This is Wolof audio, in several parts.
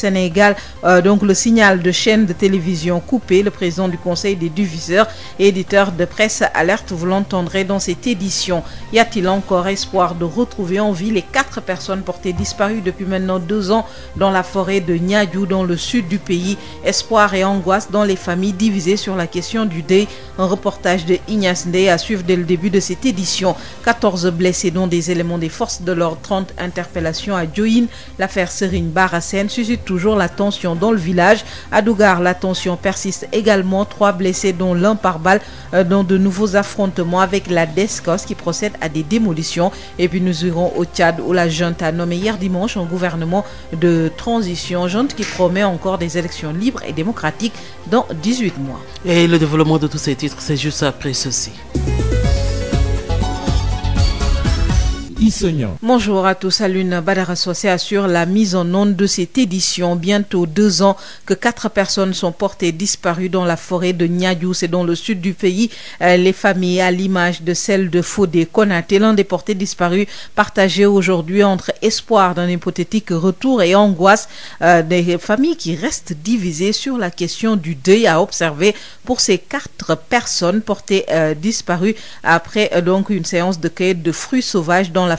Sénégal. Euh, donc le signal de chaîne de télévision coupé, le président du conseil des diffuseurs et éditeurs de presse alerte, vous l'entendrez dans cette édition. Y a-t-il encore espoir de retrouver en vie les quatre personnes portées disparues depuis maintenant deux ans dans la forêt de Niadiou dans le sud du pays? Espoir et angoisse dans les familles divisées sur la question du deuil. Un reportage de Ignace Ndeye à suivre dès le début de cette édition. 14 blessés dont toujours la tension dans le village. À Dougar, la tension persiste également. Trois blessés, dont l'un par balle, euh, de nouveaux affrontements la DESCOS qui procède à des démolitions. Et la junte a nommé hier dimanche un gouvernement de transition. Junte qui promet mois. Et le développement de tous ces Issegnan. Bonjour à tous. Alioune Badara Socé assure la mise en onde de cette édition. Bientôt deux ans que quatre personnes sont portées disparues dans la forêt de Niadiou, c'est dans le sud du pays. Euh, les familles, à l'image de celle de Fodé Konaté, l'un des portés disparus, partagé aujourd'hui entre espoir d'un hypothétique retour et angoisse euh, des familles qui restent divisées sur la question du deuil à observer pour ces quatre personnes portées euh, disparues après donc une séance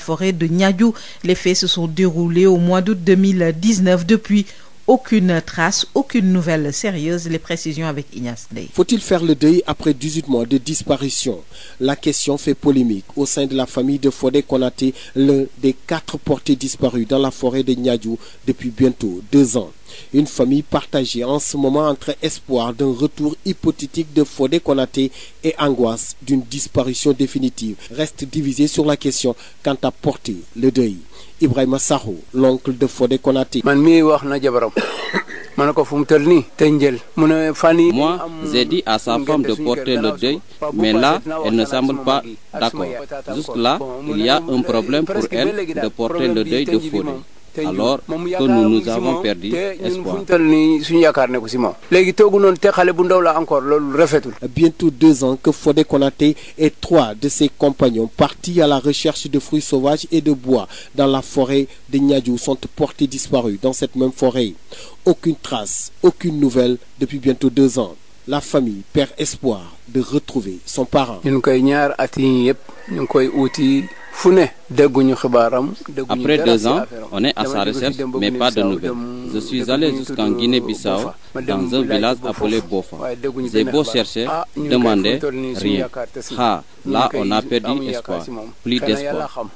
forêt de Niayou. Les faits se sont déroulés au mois d'août 2019 depuis aucune trace, aucune nouvelle sérieuse. Les précisions avec Ignace Ndeye. Faut-il faire le deuil après 18 mois de disparition? La question fait polémique au sein de la famille de Fodé Konaté, l'un des quatre portés disparus dans la forêt de Niayou depuis bientôt deux ans. Une famille partagée en ce moment entre espoir d'un retour hypothétique de Fodé Konaté et angoisse d'une disparition définitive reste divisée sur la question quant à porter le deuil. Ibrahima Sakho l'oncle de Fodé Konaté. man mii wax na jabaram ma ne ko fu mu tël nii te njël mu ne fan yii. moi j'ai dit à sa femme de porter le deuil mais là elle ne semble pas d'accord. Jusque là il y a un problème pour elle de porter le deuil de Fodé. alors que nous nous avons perdu espoir. Bientôt deux ans que Fodé Konaté et trois de ses compagnons partis à la recherche de fruits sauvages et de bois dans la forêt de Niadjou sont portés disparus dans cette même forêt. Aucune trace, aucune nouvelle depuis bientôt deux ans. La famille perd espoir de retrouver son parent. Après deux ans, on est à sa mais pas de nouvelles. Je suis allé jusqu'en Guinée-Bissau, dans un village appelé Bofa. J'ai beau chercher, ah, demander, rien. Ah, là, on a perdu espoir, plus d'espoir.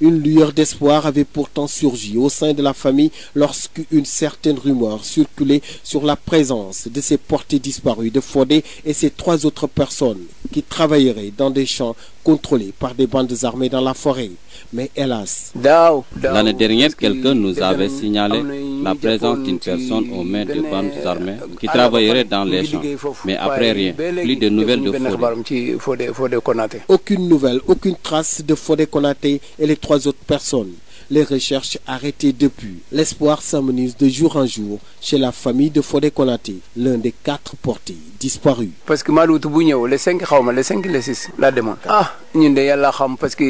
Une lueur d'espoir avait pourtant surgi au sein de la famille lorsqu'une certaine rumeur circulait sur la présence de ces portés disparus de Fodé et ces trois autres personnes qui travailleraient dans des champs contrôlés par des bandes armées dans la forêt. Mais hélas. L'année dernière, quelqu'un nous avait signalé la présence d'une personne aux mains de bandes armées euh, qui travaillerait dans les champs mais après rien plus de nouvelles de Fodé. Aucune nouvelle, aucune trace de Fodé Konaté et les trois autres personnes. Les recherches arrêtées depuis. L'espoir s'amenuise de jour en jour chez la famille de Fodé Konaté, l'un des quatre portés disparus. parce que maaluutu bu ñëw le cinq xaw ma le cinq le six laa demoon. ah ñun de yàlla xam parce que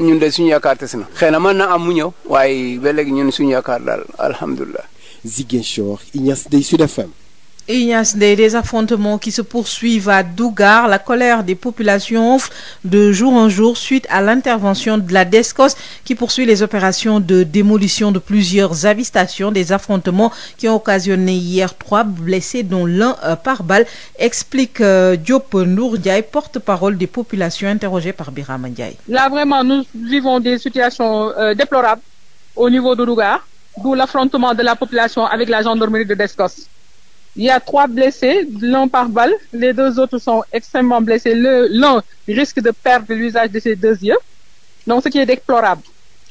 ñun de suñu yaakaar tas na. xëy na mën na am mu ñëw. waaye ba léegi ñun suñu yaakaar daal alhamdulilah. Ziguinchor Ignace Dey Sud FM. Ignace Ndeye, des affrontements qui se poursuivent à Dougar, la colère des populations de jour en jour suite à l'intervention de la DESCOS qui poursuit les opérations de démolition de plusieurs habitations. Des affrontements qui ont occasionné hier trois blessés dont l'un euh, par balle, explique euh, Diop Nourdiaye, porte-parole des populations interrogée par Birama Ndiaye. Là vraiment nous vivons des situations euh, déplorables au niveau de Dougar, d'où l'affrontement de la population avec la Il y a trois blessés, l'un par balle. Les deux autres sont extrêmement blessés. L'un risque de perdre l'usage de ses deux yeux. Donc, ce qui est déplorable.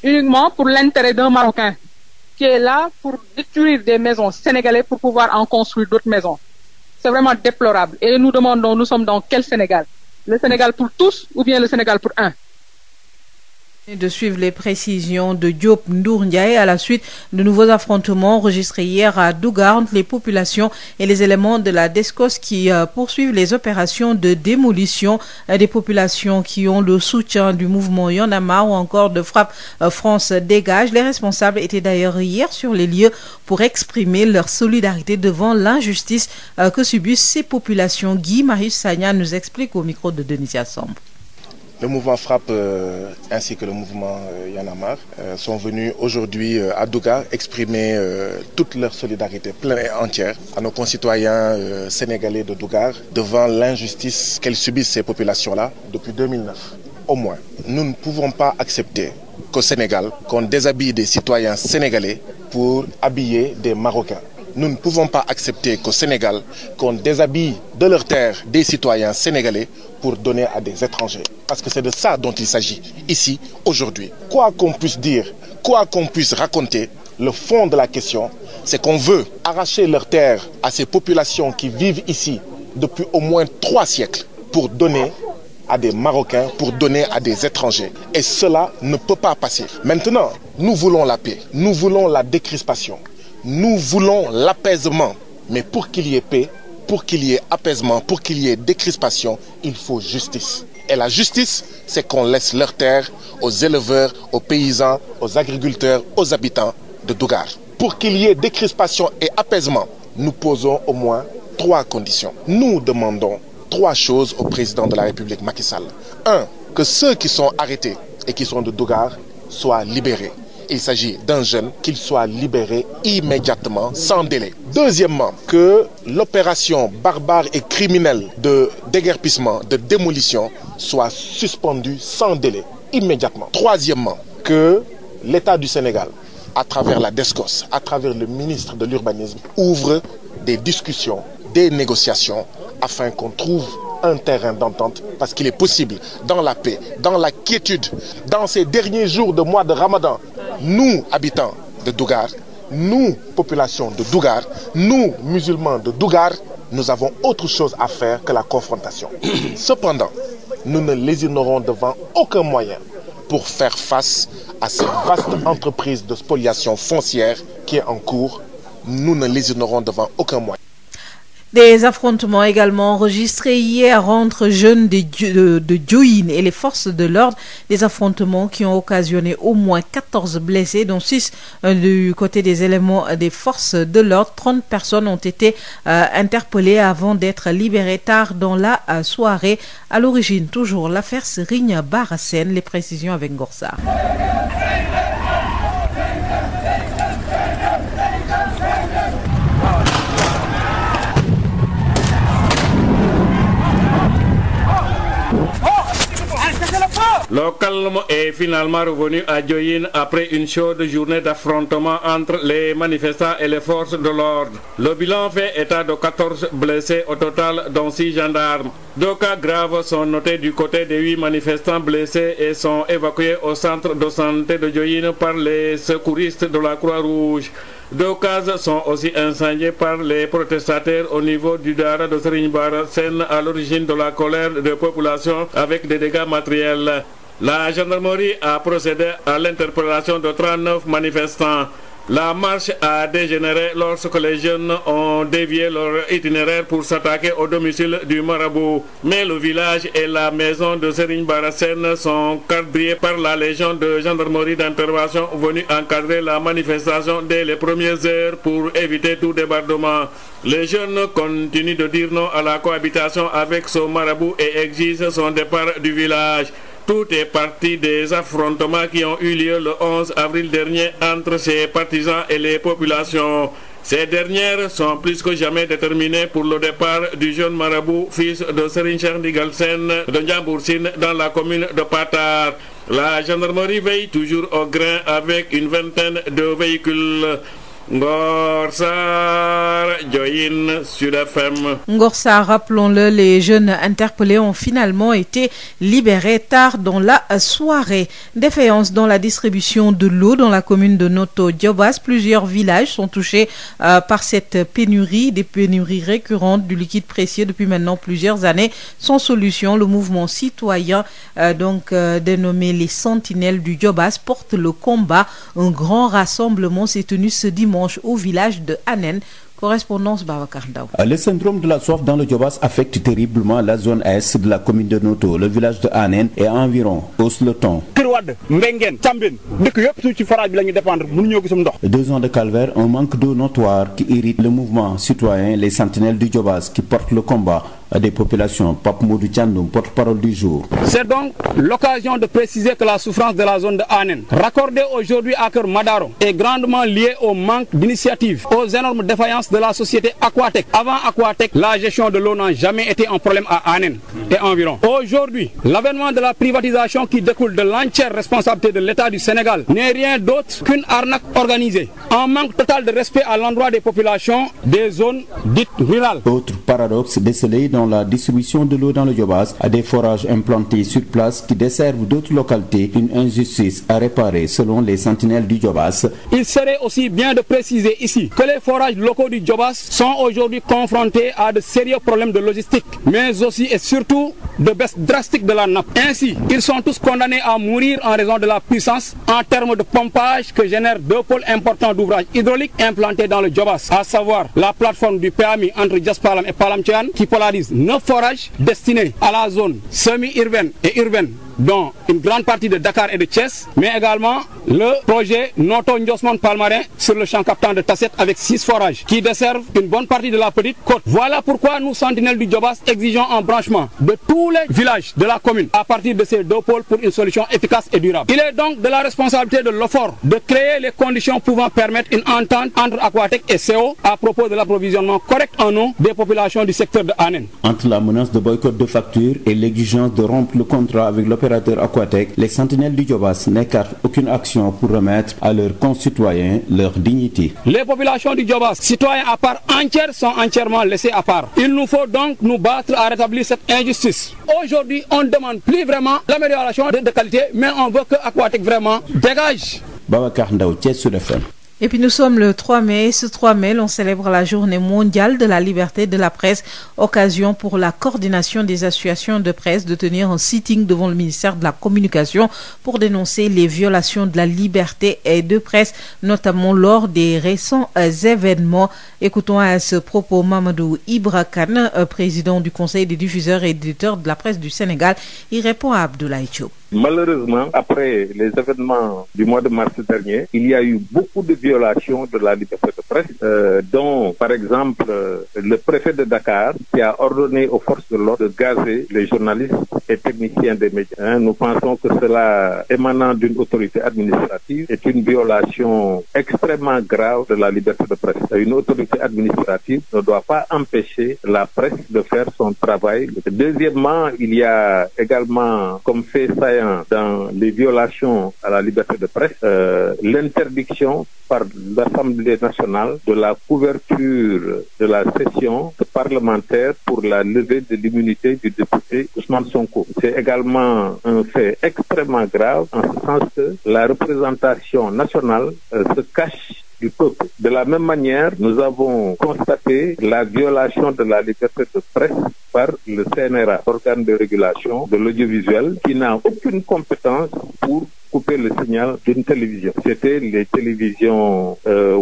Uniquement pour l'intérêt d'un Marocain qui est là pour détruire des maisons sénégalaises pour pouvoir en construire d'autres maisons. C'est vraiment déplorable. Et nous demandons, nous sommes dans quel Sénégal Le Sénégal pour tous ou bien le Sénégal pour un de suivre les précisions de Diop Ndour Ndiaye à la suite de nouveaux affrontements enregistrés hier à Dougar entre les populations et les éléments de la DESCOS qui euh, poursuivent les opérations de démolition euh, des populations qui ont le soutien du mouvement Y ou encore de Frapp euh, France Dégage. Les responsables étaient d'ailleurs hier sur les lieux pour exprimer leur solidarité devant l'injustice que subissent ces populations. Guy Marius Sagna nous explique micro de Denisia Le mouvement Frappe euh, ainsi que le mouvement euh, euh sont venus aujourd'hui euh, à Douga exprimer euh, toute leur solidarité pleine et entière à nos concitoyens sénégalais de Dougar devant l'injustice qu'elles subissent ces populations-là depuis 2009. Au moins, nous ne pouvons pas accepter qu'au Sénégal, qu'on déshabille des citoyens sénégalais pour habiller des Marocains. Nous ne pouvons pas accepter qu'au Sénégal, qu'on déshabille de leurs terres des citoyens pour donner à des étrangers. Parce que c'est de ça dont il s'agit ici, aujourd'hui. Quoi qu'on puisse dire, quoi qu'on puisse raconter, le fond de la question, c'est qu'on veut arracher leurs terres à ces populations qui vivent ici depuis au moins trois siècles pour donner à des Marocains, pour donner à des étrangers. Et cela ne peut pas passer. Maintenant, nous voulons la paix, nous voulons la décrispation, nous voulons l'apaisement. Mais pour qu'il y ait pour qu'il y ait apaisement, pour qu'il y ait décrispation, il faut justice. Et la justice, c'est qu'on laisse leurs terres aux éleveurs, aux paysans, aux agriculteurs, aux habitants de Dougar. Pour qu'il y ait décrispation et apaisement, nous posons au moins trois conditions. Nous demandons trois choses au président de la République Macky Sall. Un, que ceux qui sont arrêtés et qui sont de Dougar soient libérés. Il s'agit d'un jeune, qu'il soit libéré immédiatement, sans délai. Deuxièmement, que l'opération barbare et criminelle de déguerpissement, de démolition, soit suspendue sans délai, immédiatement. Troisièmement, que l'État du Sénégal, à travers la DESCOS, à travers le ministre de l'Urbanisme, ouvre des discussions, des négociations, afin qu'on trouve un terrain d'entente parce qu'il est possible, dans la paix, dans la quiétude, dans ces derniers jours de mois de Ramadan, nous, habitants de Dougar, nous, population de Dougar, nous, musulmans de Dougar, nous avons autre chose à faire que la confrontation. Cependant, nous ne lésinerons devant aucun moyen pour faire face à cette vaste entreprise de spoliation foncière qui est en cours. Nous ne lésinerons devant aucun moyen. Des affrontements également enregistrés hier entre jeunes de, de, de Diohine et les forces de l'ordre. Des affrontements qui ont occasionné au moins 14 blessés, dont 6 euh, du côté des éléments des forces de l'ordre. 30 personnes ont été euh, interpellées avant d'être libérées tard dans la euh, soirée. À l'origine, toujours l'affaire Serigne Bara Sène. Les précisions avec Ngor Le calme est finalement revenu à Diohine après une chaude journée d'affrontement entre les manifestants et les forces de l'ordre. Le bilan fait état de 14 blessés au total, dont 6 gendarmes. Deux cas graves sont notés du côté des 8 manifestants blessés et sont évacués au centre de santé de Diohine par les secouristes de la Croix-Rouge. Deux cases sont aussi incendiées par les protestataires au niveau du Dara de Serigne Bara Sène à l'origine de la colère des populations avec des dégâts matériels. La gendarmerie a procédé à l'interpellation de 39 manifestants. La marche a dégénéré lorsque les jeunes ont dévié leur itinéraire pour s'attaquer au domicile du marabout. Mais le village et la maison de Serigne Barassène sont quadrillés par la légion de gendarmerie d'intervention venue encadrer la manifestation dès les premières heures pour éviter tout débordement. Les jeunes continuent de dire non à la cohabitation avec ce marabout et exigent son départ du village. Tout est parti des affrontements qui ont eu lieu le 11 avril dernier entre ces partisans et les populations. Ces dernières sont plus que jamais déterminées pour le départ du jeune marabout, fils de Serigne Cheikh Ndigal Galsen de Ndiambourcine dans la commune de Patar. La gendarmerie veille toujours au grain avec une vingtaine de véhicules. Ngor Sarr Joyin Sud rappelons-le les jeunes interpellés ont finalement été libérés tard dans la soirée défaillance dans la distribution de l'eau dans la commune de Notto Diobass plusieurs villages sont touchés euh, par cette pénurie des pénuries récurrentes du liquide précieux depuis maintenant plusieurs années sans solution le mouvement citoyen euh, donc euh, dénommé les Sentinelles du Diobass porte le combat un grand rassemblement s'est tenu ce dimanche au euh, Le syndrome de la soif dans le Diobass affecte terriblement la zone est de la commune de Noto, le village de Hanen et environ hausse le ton. Kër Wade, Mbenguen, Cambine, dëkk su ci forage la ñu dépendre mënuñoo gisum ndox. Deux ans de calvaire, un manque d'eau notoire qui irrite le mouvement citoyen Les Sentinelles du Diobass qui porte le combat des populations. Pape Modou Tiandoum, porte-parole du jour. C'est donc l'occasion de préciser que la souffrance de la zone de Anen, raccordée aujourd'hui à Cœur Madaro, est grandement liée au manque d'initiative, aux énormes défaillances de la société Aquatec. Avant Aquatec, la gestion de l'eau n'a jamais été un problème à Anen et environ. Aujourd'hui, l'avènement de la privatisation qui découle de l'entière responsabilité de l'État du Sénégal n'est rien d'autre qu'une arnaque organisée, un manque total des populations concernant la distribution de l'eau dans le Diobass à des forages implantés sur place qui desservent d'autres localités, une injustice à réparer selon les sentinelles du Diobass. Il serait aussi bien de préciser ici que les forages locaux du Diobass sont aujourd'hui confrontés à de sérieux problèmes de logistique, mais aussi et surtout de baisse drastique de la nappe. Ainsi, ils sont tous condamnés à mourir en raison de la puissance en termes de pompage que génèrent neuf forages destinés à la zone semi-urbaine et urbaine dont une grande partie de Dakar et de Thiès, mais également le projet Noto Ndiosmon Palmarin sur le champ captant de Tasset avec six forages qui desservent une bonne partie de la petite côte. Voilà pourquoi nous, Sentinelles du Djobas, exigeons un branchement de tous les villages de la commune à partir de ces deux pôles pour une solution efficace et durable. Il est donc de la responsabilité de l'OFOR de créer les conditions pouvant permettre une entente entre Aquatec et à propos de l'approvisionnement correct en eau des populations du secteur de Anen. Entre la menace opérateurs Aquatech, les sentinelles du Diobass n'écartent aucune action pour remettre à leurs concitoyens leur dignité. Les populations du Diobass, citoyens à part entière, sont entièrement laissées à part. Il nous faut donc nous battre à rétablir cette injustice. Aujourd'hui, on ne demande plus vraiment l'amélioration de, de qualité, mais on veut que Aquatech vraiment dégage. Et puis nous sommes le 3 mai. Ce 3 mai, l'on célèbre la journée mondiale de la liberté de la presse, occasion pour la coordination des associations de presse de tenir un sitting devant le ministère de la Communication pour dénoncer les violations de la liberté et de presse, notamment lors des récents euh, événements. Écoutons à ce propos Mamadou Ibra Kane, euh, président du Conseil des diffuseurs et éditeurs de la presse du Sénégal. Il répond à Abdoulaye Malheureusement, après les événements du mois de mars dernier, il y a eu beaucoup de violations de la liberté de presse, euh, dont, par exemple, euh, le préfet de Dakar qui a ordonné aux forces de l'ordre de gazer les journalistes et techniciens des médias. Hein, nous pensons que cela émanant d'une autorité administrative est une violation extrêmement grave de la liberté de presse. Une autorité administrative ne doit pas empêcher la presse de faire son travail. Deuxièmement, 21 dans les violations à la liberté de presse, euh, l'interdiction par l'Assemblée nationale de la couverture de la session parlementaire pour la levée de l'immunité du député Ousmane Sonko. C'est également un fait extrêmement grave en ce sens que la représentation nationale euh, se cache du peuple. De la même manière, nous avons constaté la violation de la liberté de presse par le CNRA, organe de régulation de l'audiovisuel, qui n'a aucune compétence pour couper le signal d'une télévision. C'était les télévisions euh,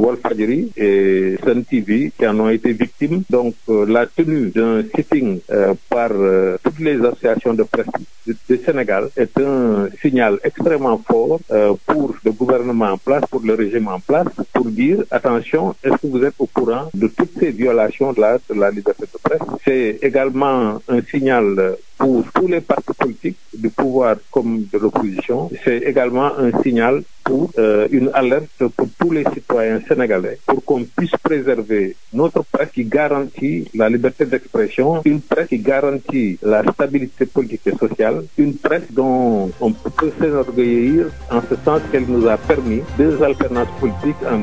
et Sun TV qui en ont été victimes. Donc euh, la tenue d'un sitting euh, par euh, toutes les associations de presse du, du, Sénégal est un signal extrêmement fort pour le gouvernement en place, pour le régime en place, pour dire attention, est-ce que vous êtes au courant de toutes ces violations de la, de la liberté de presse C'est également un signal pour tous les partis politiques du pouvoir comme de l'opposition. C'est également un signal pour euh, une alerte pour tous les citoyens sénégalais pour qu'on puisse préserver notre presse qui garantit la liberté d'expression, une presse qui garantit la stabilité politique et sociale, une presse dont on peut s'enorgueillir en ce sens qu'elle nous a permis deux alternances politiques en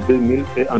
et en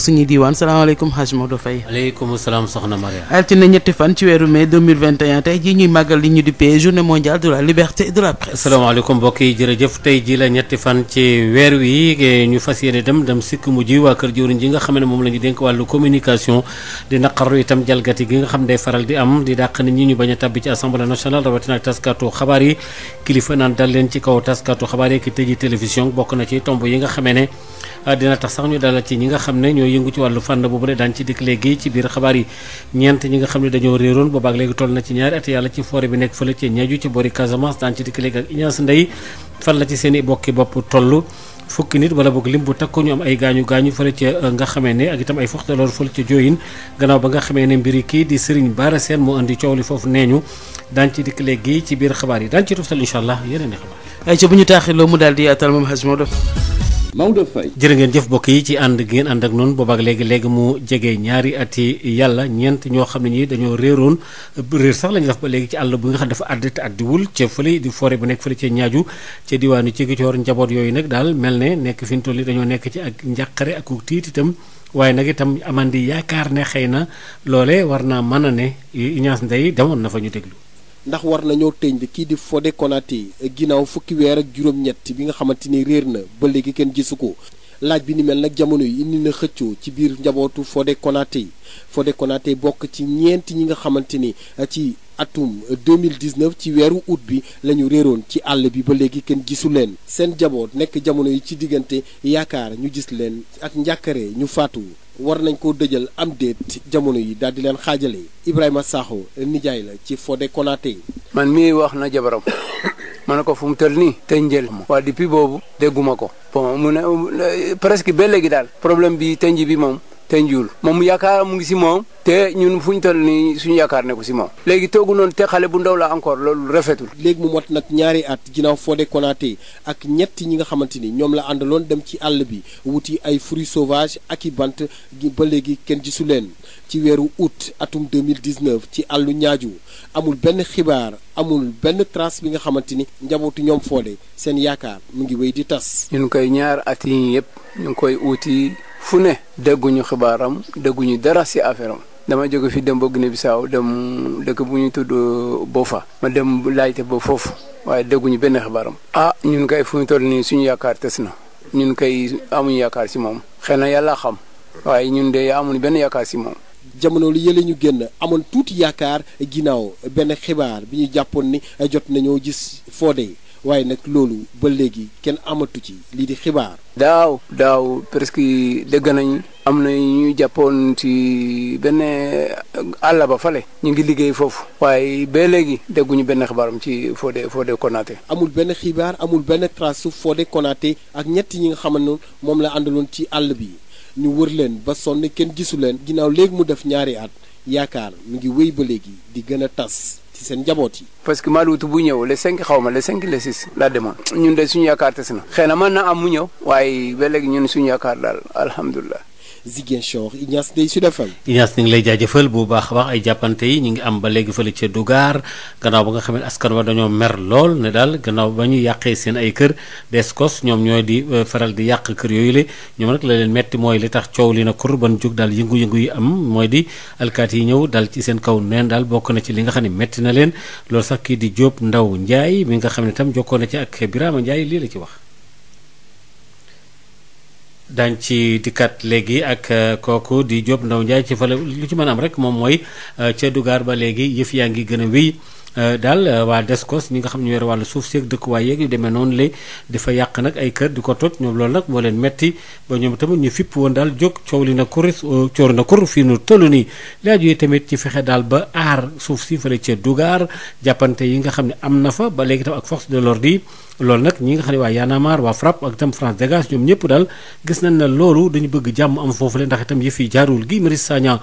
suñuy diiwaan salaamaaleykum Hadj Maodo Faye. waaleykum salaam soxna ñuy màggal li ñu duppee journée mondiale de la liberté et de la presse. salaamaaleykum mbokk yi jërëjëf tey jii la ñetti fan ci weer wi e, ñu fas yéene dem dem sikk mujj waa kër jëwriñ ji nga xam ne moom la ñu dénk communication di naqaru itam jalgati gi nga xam day faral di am di dàq nit ñi ñu bañ a tàbbi ci assemblée nationale rawatina ak taskatu xabaar yi kilifa naan dal leen ci kaw taskatu na ci tomb yi nga mooy yëngu ci wàllu fànn boobule daan ci dikk léegi ci biir xabaar yi ñeent ñi nga xam ne dañoo réeroon boobaak léegi toll na ci ñaari at yàlla ci foore bi nekk fële ci ñaju ci boori Casamance daan ci dikk léegi ak Ignace Ndeye fan la ci seen i bokki bopp toll fukki nit wala boog lim bu takku ñu am ay gaañu gaañu fële ca euh, nga xamee ne ak itam ay foxtaloor fële ca jooyin gannaaw ba nga xamee ne mbiri kii di Serigne Bara Sène moo andi coow li foofu yi daan ci toftal Maodo jërë ngeen jëf mbokk yi ci ànd ngeen ànd ak noonu boobaak léegi léegi mu jege ñaari ati yàlla ñeent ñoo xam ne ñi dañoo réeroon réer sax la ñu def léegi ci àll bu nga xam dafa àdd te àddiwul ca fële di foore bu nekk fële ca ñaaju ca diwaanu ci gicoor njaboot yooyu nag daal mel ne nekk fi ñu toll dañoo nekk ci ak njàqare ak tiit itam waaye nag itam amandi yaakaar ne xëy na loole war naa mën a ne Ignace Ndeye demoon na fa ñu déglu ndax war nañoo tëñ bi kii di Fodé Konaté ginnaaw fukki weer ak juróom-ñett bi nga xamante ni réer na ba léegi kenn jisu ko laaj bi ni mel nag jamono yi indi na xëccoo ci biir njabootu Fodé Konaté Fodé Konaté bokk ci ñeenti ñi nga xamante ni ci atum 2019 ci weeru août bi lañu réeroon ci àll bi ba léegi kenn gisu leen seen njaboot nekk jamono yi ci diggante yaakaar ñu gis leen ak njàkkare ñu faatu war nañ koo dëjal am déet jamono yi daal di leen xaajale Ibrahima Sakho nijaay la ci Fodé Konaté. man mii wax na jabaram ma ne ko fu mu tël nii te njël ma waa depuis boobu dégguma ko bon mu ne presque ba léegi daal problème bi tënj bi moom te njuul moom yaakaar mu ngi si moom te ñun fu ñu nii suñu yaakaar ne ko si léegi toogu noonu bu ndaw la encore loolu rafetul léegi mu mot nag ñaari at ginnaaw Fodé ak ñett ñi nga xamante ni ñoom la àndaloon dem ci àll bi wuti ay fruits sauvages ak i bant ba léegi kenn gisu leen ci weeru août atum 2019 ci àllu ñaaju amul benn xibaar amul benn trace bi nga xamante ni njabootu ñoom Fodé seen yaakaar mu ngi wéy di tas ñun koy ñaar at yi yëpp ñu ngi koy uuti fu ne dégguñu xibaaram dégguñu dara si affaire am dama jóge fi dem ba Guinée Bissau dem dëkk bu ñu tudd euh, Bofa ma dem laajte ba foofu waaye dégguñu benn xibaaram ah ñun kay fu ñu toll nii suñu yaakaar tes na ñun kay amuñu yaakaar si moom xëy na yàlla xam waaye ñun de amuñu benn yaakaar si moom jamono lu yële ñu génn amoon tuuti yaakaar ginnaaw benn xibaar bi ñu jàppoon ni jot nañoo gis foodee waaye nag loolu ba léegi kenn amatu ci lii di xibaar. daaw daaw presque dégg nañ am na ñu jàppoon ci benn àll ba fale ñu ngi liggéey foofu waaye ba léegi dégguñu benn xibaaram ci Fodé Fodé Konaté. amul benn xibaar amul benn trace su Fodé Konaté ak ñetti ñi nga xam moom la àndaloon ci àll bi ñu wër leen ba sonn kenn gisu leen ginnaaw léegi mu def ñaari at yaakaar mu ngi wéy ba léegi di gën a tas. ci seen njaboot yi. parce que Maluutu bu ñëw le cinq xaw ma le cinq le six laa demoon. ñun de suñu yaakaar tas na. xëy na mën na am mu ñëw. waaye ba léegi ñun suñu yaakaar daal alhamdulilah. Ziguinchor Ignace Ndeye Sud FM Ignace ñu ngi lay jaajëfal bu baax a baax ay jàppante yi ñu ngi am ba léegi fële ca Dougar gannaaw ba nga xam ne askan wa dañoo mer lool ne daal gannaaw ba ñu yàqee seen ay kër deskos ñoom ñooy di euh, faral di yàq kër yooyu le ñoom nag la leen metti mooy li tax coow li na kur ban jóg daal yëngu-yëngu yi am mooy di alkaati yi ñëw daal ci seen kaw neen daal bokk na ci li nga xam ne metti na leen loolu sax kii di Jóob Ndaw Njaay mi nga xam ne tam jokkoon na ci ak Birama Njaay lii la ci wax dañ ci dikkat léegi ak euh, kooku di Diop Ndaw Ndiaye ci fale lu ci mën am rek moom mooy euh, ca Dugar ba léegi yëf yaa ngi gën a wéy euh, daal waa des Descos ñi nga xam ñu wer wàllu suuf seeg dëkkuwaay yeeg yu demee noonu la dafa yàq nag ay kër di ko toj ñoom loolu nag moo leen metti ba ñoom tamit ñu fipp woon daal jóg coow li na kuris coow na kur fii nu toll nii laaj yi tamit ci fexe daal ba aar suuf si fële ca Dugar jàppante yi nga xam ne am na fa ba léegi tam ak force de l'ordre yi loolu nag ñi nga xam ne waa Y'en a marre waa FRAPP ak itam France Dégage ñoom ñëpp daal gis nañ ne loolu dañu bëgg jàmm am foofu le ndax itam yëf yi jaarul gi Marie Sagna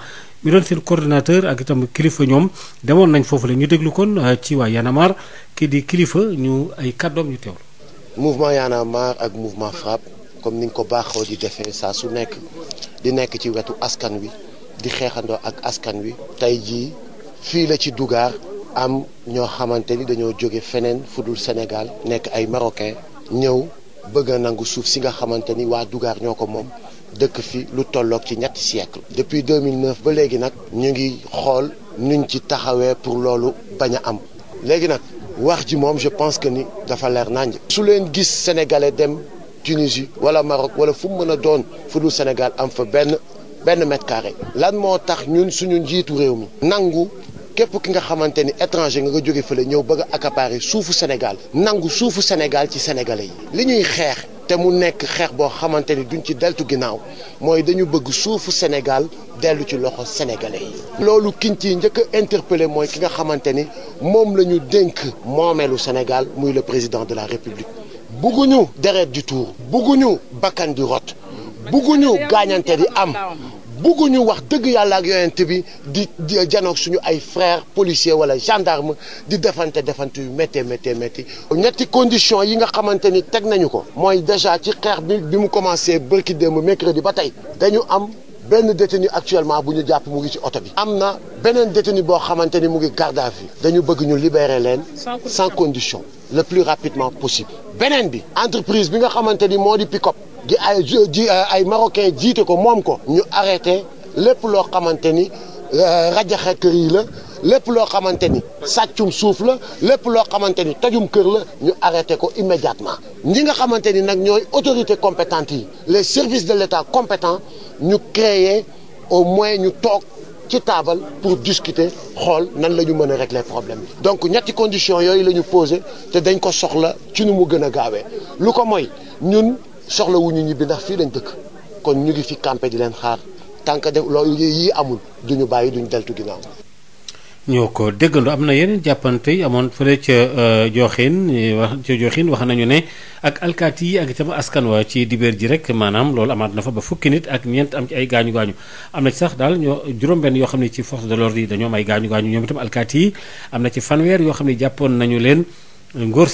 mi doon seen coordonnateur ak itam kilifa ñoom demoon nañ foofu le ñu déglu kon euh, ci waa yanamaar a kii di kilifa ñu ay kàddoom ñu teewlu. mouvement Y'en a ak mouvement FRAPP comme ni ko baaxoo di defee saa su nekk di nekk ci wetu askan wi di xeexandoo ak askan wi. tey jii fii la ci Dougar. am ñoo xamante ni dañoo jóge feneen fu dul Sénégal nekk ay marocain ñëw bëgg nangu suuf si nga xamante ni waa Dugar ñoo ko moom dëkk fi lu tolloog ci ñetti siècle depuis 2009 ba léegi nag ñu ngi xool nuñ ci taxawee pour loolu bañ a am léegi nag wax ji moom je pense que ni dafa leer nañ su leen gis sénégalais dem Tunisie wala Maroc wala fu mën a doon fudul Sénégal am fa benn benn mètre carré lan moo tax ñun suñu njiitu réew mi nangu képp ki nga xamante ni étranger nga nga jóge fële ñëw bëgg a accaparer suufu Sénégal nangu suufu Sénégal ci sénégalais yi li ñuy xeex te mu nekk xeex boo xamante ni duñ ci deltu ginnaaw mooy dañu bëgg suufu Sénégal dellu ci loxo sénégalais yi. loolu kiñ ciy njëkk a interpellé mooy ki nga xamante ni moom la ñu dénk moomeelu Sénégal muy le président de la République bugguñu deret di tuur bugguñu bakkan di rot bugguñu gaañante di am. bugguñu wax dëgg yàlla ak yonent bi di janoog suñu ay frères policiers wala gendarme di defante defante yu méttee méttee métti ñetti conditions yi nga xamante ni teg nañu ko mooy déjà ci xeex bi bi mu commencé bërki démb mercredi ba tey dañu am benn détenu actuellement bu ñu jàpp mu ngi ci oto bi am na beneen détenu boo xamante ni mu ngi garde à vue dañu bëgg ñu libérer leen sans condition le plus rapidement possible beneen bi entreprise bi nga xamante ni moo di pick di ay ji euh, ay marocain jiite ko moom ko ñu arrêté lépp loo xamante ni euh, rajaxe kër yi la lépp loo xamante ni sàccum suuf la lépp loo xamante ni tajum kër la ñu arrêté ko immédiatement ñi nga xamante ni nag ñooy autorité compétentes yi les services de l'État compétents ñu créer au moins ñu toog ci taabal pour discuter xool nan la ñu mën a régler problème bi donc ñetti conditions yooyu la ñu posé te dañ ko soxla ci nu mu gën a gaawee lu ko mooy ñun soxlawuñu wu ñu ñibbi ndax fii lañ dëkk kon ñu ngi fi campé di leen xaar tant que def loolu yii amul duñu bàyyi duñu deltu ginnaaw. ñoo ko déggandoo am na yeneen jàppante yi amoon fële ca euh, Joxin wax ca Joxin wax nañu ne ak alkaati yi ak itam askan wa ci dibeer ji rek maanaam loolu amaat na fa ba fukki nit ak ñeent am ci ay gaañu gaañu am na ci sax daal ñoo juróom-benn yoo xam ne ci force de l'ordre yi dañoo am ay gaañu gaañu ñoom itam alkaati yi am na ci fanweer yoo xam ne jàppoon nañu leen Ngor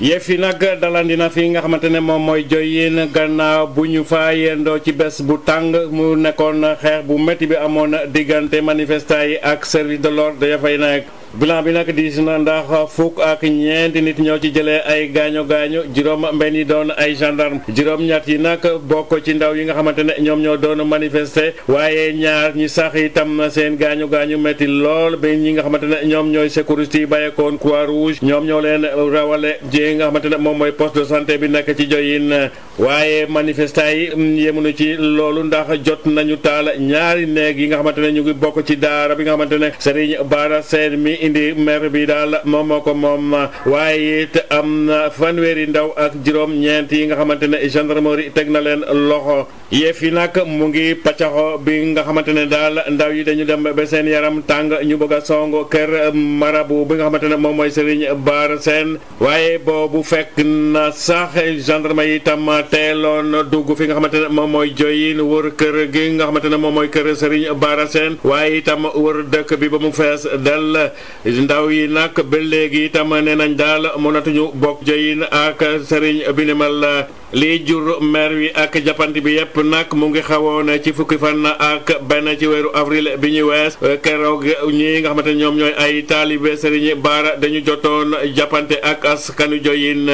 yëf yi nag dalandi na fi nga xamante ne moom mooy Diohine gannaaw bu ñu fa yendoo ci bés bu tàng mu nekkoon na xeex bu métti bi amoon na diggante manifestants yi ak service de l'ordre ya fay nekk bilan bi nag diis na ndax fukk ak ñeenti nit ñoo ci jëlee ay gaañu gaañu juróom mbenn yi doon ay gendarme juróom ñaat yi nag bokk ci ndaw yi nga xamante ne ñoom ñoo doon manifester waaye ñaar ñi sax itam seen gaañu gaañu métti lool ba ñi nga xamante ne ñoom ñooy sécurité yi bàyyeekoon croix rouge ñoom ñoo leen rawale ji nga xamante ne moom mooy poste de santé bi nekk ci joyin waaye manifestants yi mm, yemuñu ci loolu ndax jot nañu taal ñaari néeg yi nga xamante ne ñu ngi bokk ci daara bi nga xamante ne Serigne Bara mi indi maire bi daal moom moo ko moom waaye it am na fanweeri ndaw ak juróom-ñeent yi nga xamante ne gendarmerie teg na leen loxo yëf yi nag mu ngi paccaxo bi nga xamante ne daal ndaw yi dañu dem ba seen yaram tàng ñu bëgg a song kër marabu bi nga xamante ne moom mooy Serigne Bara Sène waaye boobu fekk na sax gendarme yi tam teeloon dugg fi nga xamante ne moom mooy joyin wër kër gi nga xamante ne moom mooy kër Serigne Bara Sène waaye itam wër dëkk bi ba mu fees dell ndaw yi nag ba léegi itam ne nañ daal mënatuñu bokk jëyin ak sëriñ bi ni mel jur mer wi ak jàppante bi yépp nag mu ngi xawoon ci fukki fan ak benn ci weeru avril bi ñu wees keroog ñi nga xamante ne ñoom ñooy ay taalibe sëriñ Baara dañu jotoon jàppante ak askanu jëyin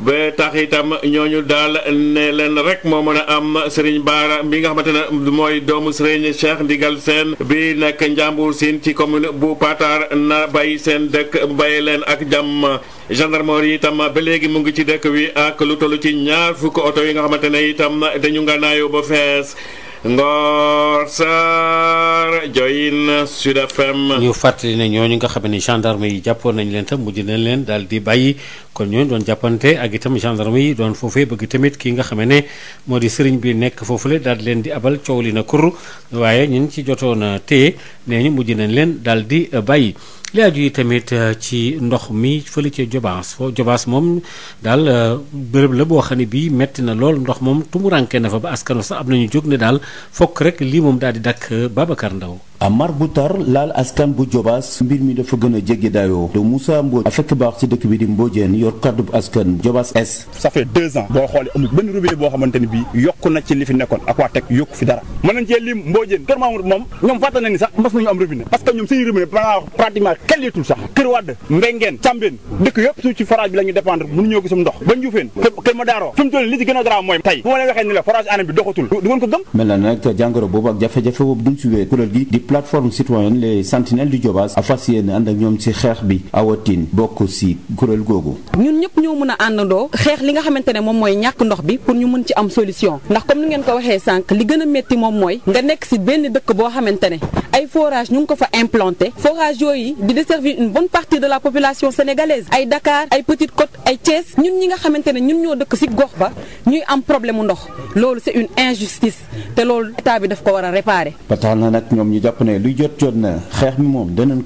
ba tax itam ñu daal ne leen rek moo mën a am Serigne Bara mi nga xamante ne mooy doomu Serigne Cheikh Ndigal seen bi nekk Njàmbur Sine ci commune bu Patar na bàyyi seen dëkk bàyyi leen ak jàmm gendarmerie itam ba léegi mu ngi ci dëkk wi ak lu toll ci ñaar fukk oto yi nga xamante ne itam dañu nga naayoo ba fees Ngor Sarr Joyin Sud FM. ñu fàttali ne ñooñu nga xam ni gendarme yi jàppoon nañ leen tam mujj nañ leen daal di bàyyi kon ñooñu doon jàppante ak itam gendarme yi doon foofee bëgg tamit ki nga xam ne moo di sëriñ bi nekk foofule daal di leen di abal coow li na kur waaye ñun ci jotoon téye nee ñu mujj nañ leen daal di bàyyi. li aju yi tamit euh, ci ndox mi fële ca Jobaas foo Jobaas moom daal euh, bërëb la boo xam ne bii metti na lool ndox moom tumuranke na fa ba askano sax am ñu jóg ne daal fokk rek lii moom daal di dakk euh, Babacar Ndaw Amar bu tar laal askan bu jobaas mbir mi dafa gën a jéggi dayoo de Moussa Mbodj a fekk baax ci dëkk bi di Mbodjeen yor kàddu bu askan jobaas es ça fait deux ans boo xoolee amul benn robinet boo xamante ni bii yokk na ci li fi nekkoon Aquatech yokk fi dara mën nañ cee lim Mbodjeen kër Mamour moom ñoom fàttali ni sax mas nañu am robinet parce que ñoom seen robinet banaa wax pratiquement kër Wade Mbengeen Cambeen dëkk yëpp su ci forage bi la ñu dépendre mënuñoo gisum ndox plateforme citoyenne les sentinelles du Diobass a fas yéene ànd ak ñoom ci xeex bi awatin bokk ci kuréel googu ñun ñëpp ñoo mën a àndandoo xeex li nga xamante ne moom mooy ñàkk ndox bi pour ñu mën ci am solution ndax comme ni ngeen ko waxee sànq li gën a métti moom mooy nga nekk ci benn dëkk boo xamante ne ay forage ñu ngi ko fa implanté forage yooyu di desservir une bonne partie de la population sénégalaise ay Dakar ay Petite Côte ay Thiès ñun ñi nga xamante ne ñun ñoo dëkk ci gox ba ñuy am problème mu ndox loolu c'est une injustice te bi daf ko war a réparer ne lu jot jot na xeex mi moom danañ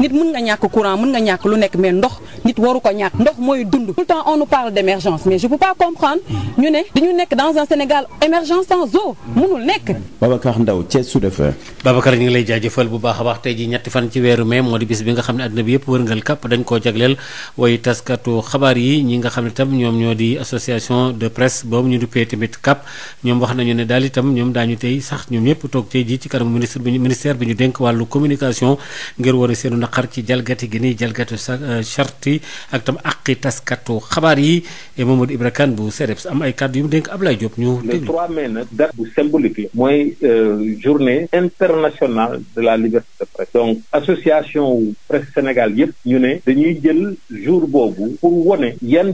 nit mun nga ñàkk courant mun nga ñàkk lu nekk mais ndox nit waru ko ñàkk ndox mooy dund. tout on nous parle d' mais je peux pas comprendre ñu ne dañu nekk dans un Sénégal émergence sans eau munul nekk. Babacar Ndaw Thiès Sud FM. Babacar ñu ngi lay jaajëfal bu baax a baax tey ji ñetti fan ci weeru mai moo di bis bi nga xam ne àddina bi yëpp wërngal kàpp dañ koo jagleel way taskatu xabaar yi ñi nga xam ne tam ñoom ñoo di association de presse boobu ñu duppee tamit CAP ñoom wax nañu ne daal itam ñoom daañu tey sax ñoom ñëpp toog tey ji ci kanamu ministre bi ministère bi ñu dénk wàllu communication ngir war a seenu naqar ci jalgati gi nii jalgatu euh, charte yi ak tam àqi taskatu xabaar yi Mamadou Ibra Kane bu CDEPS am ay kàddu yu mu dénk Ablaye Diop ñu déglu. le 3 mai nag date bu symbolique la. mooy euh, journée internationale de la liberté de presse. donc association presse Sénégal yëpp ñu ne dañuy jël jour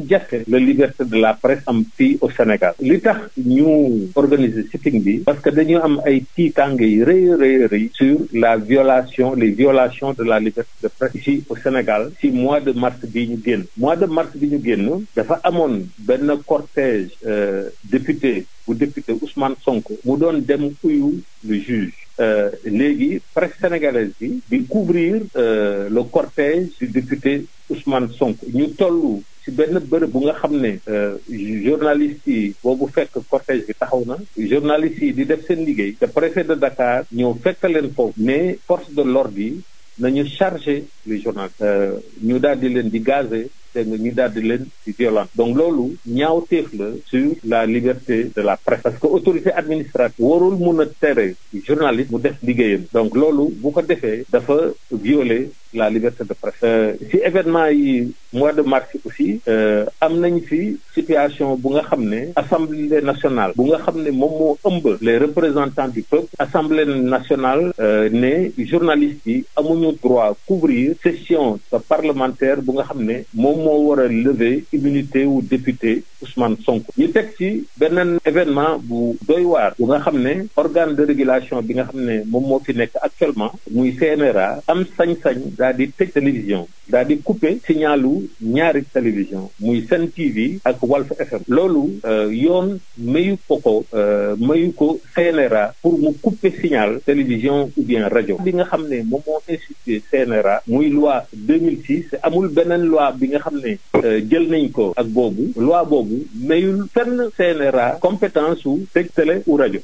jafe la liberté de la presse am fii au Sénégal li tax ñu organiser sitting bi parce que dañu am ay tiitange yi rëy rëy rëy sur la violation les violations de la liberté de presse ici au Sénégal ci mois de mars bi ñu génn mois de mars bi ñu génn dafa amoon benn cortège euh, député bu député Ousmane Sonko mu doon dem uyu le juge euh, léegi presse sénégalaise bi di couvrir euh, le cortège du député Ousmane Sonko ñu tollu ci benn bërëb bu nga xam ne euh, journaliste yi boobu fekk cortège bi taxaw na journaliste yi di def seen liggéey te préfet de Dakar ñëw fekk leen foofu mais force de l'ordre yi nañu chargé les journalistes euh, ñu daal di leen di gazé dégg nga ñu daal di leen ci violence donc loolu ñaawteef la sur la liberté de la presse parce que autorité administrative warul mun a tere journaliste mu def liggéeyam donc loolu bu ko defee dafa violer la liberté de presse ci euh, événement yi mois de mars aussi euh, am nañ fi situation bu nga xam ne assemblée nationale bu nga xam ne moom mu ëmb les représentants du peuple assemblée nationale euh, ne journalistes yi amuñu droit couvrir session parlementaire bu nga moo war a lever immunité wu député Ousmane Sonko ñu teg ci beneen événement bu doy waar bu nga xam ne organe de régulation bi nga xam ne moom moo fi nekk actuellement muy CNRA am sañ-sañ daal di tëj télévision daal di couper signalu ñaari télévision muy Sen TV ak Walf FM loolu euh, yoon mayu ko ko euh, mayu ko CNRA pour mu couper signal télévision ou bien rajo bi nga xam ne moom moo institué CNRA muy loi 2006 amul beneen loi bi nga xam ne euh, jël nañ ko ak boobu loi boobu mayul fenn CNRA compétence su teg télé ou rajo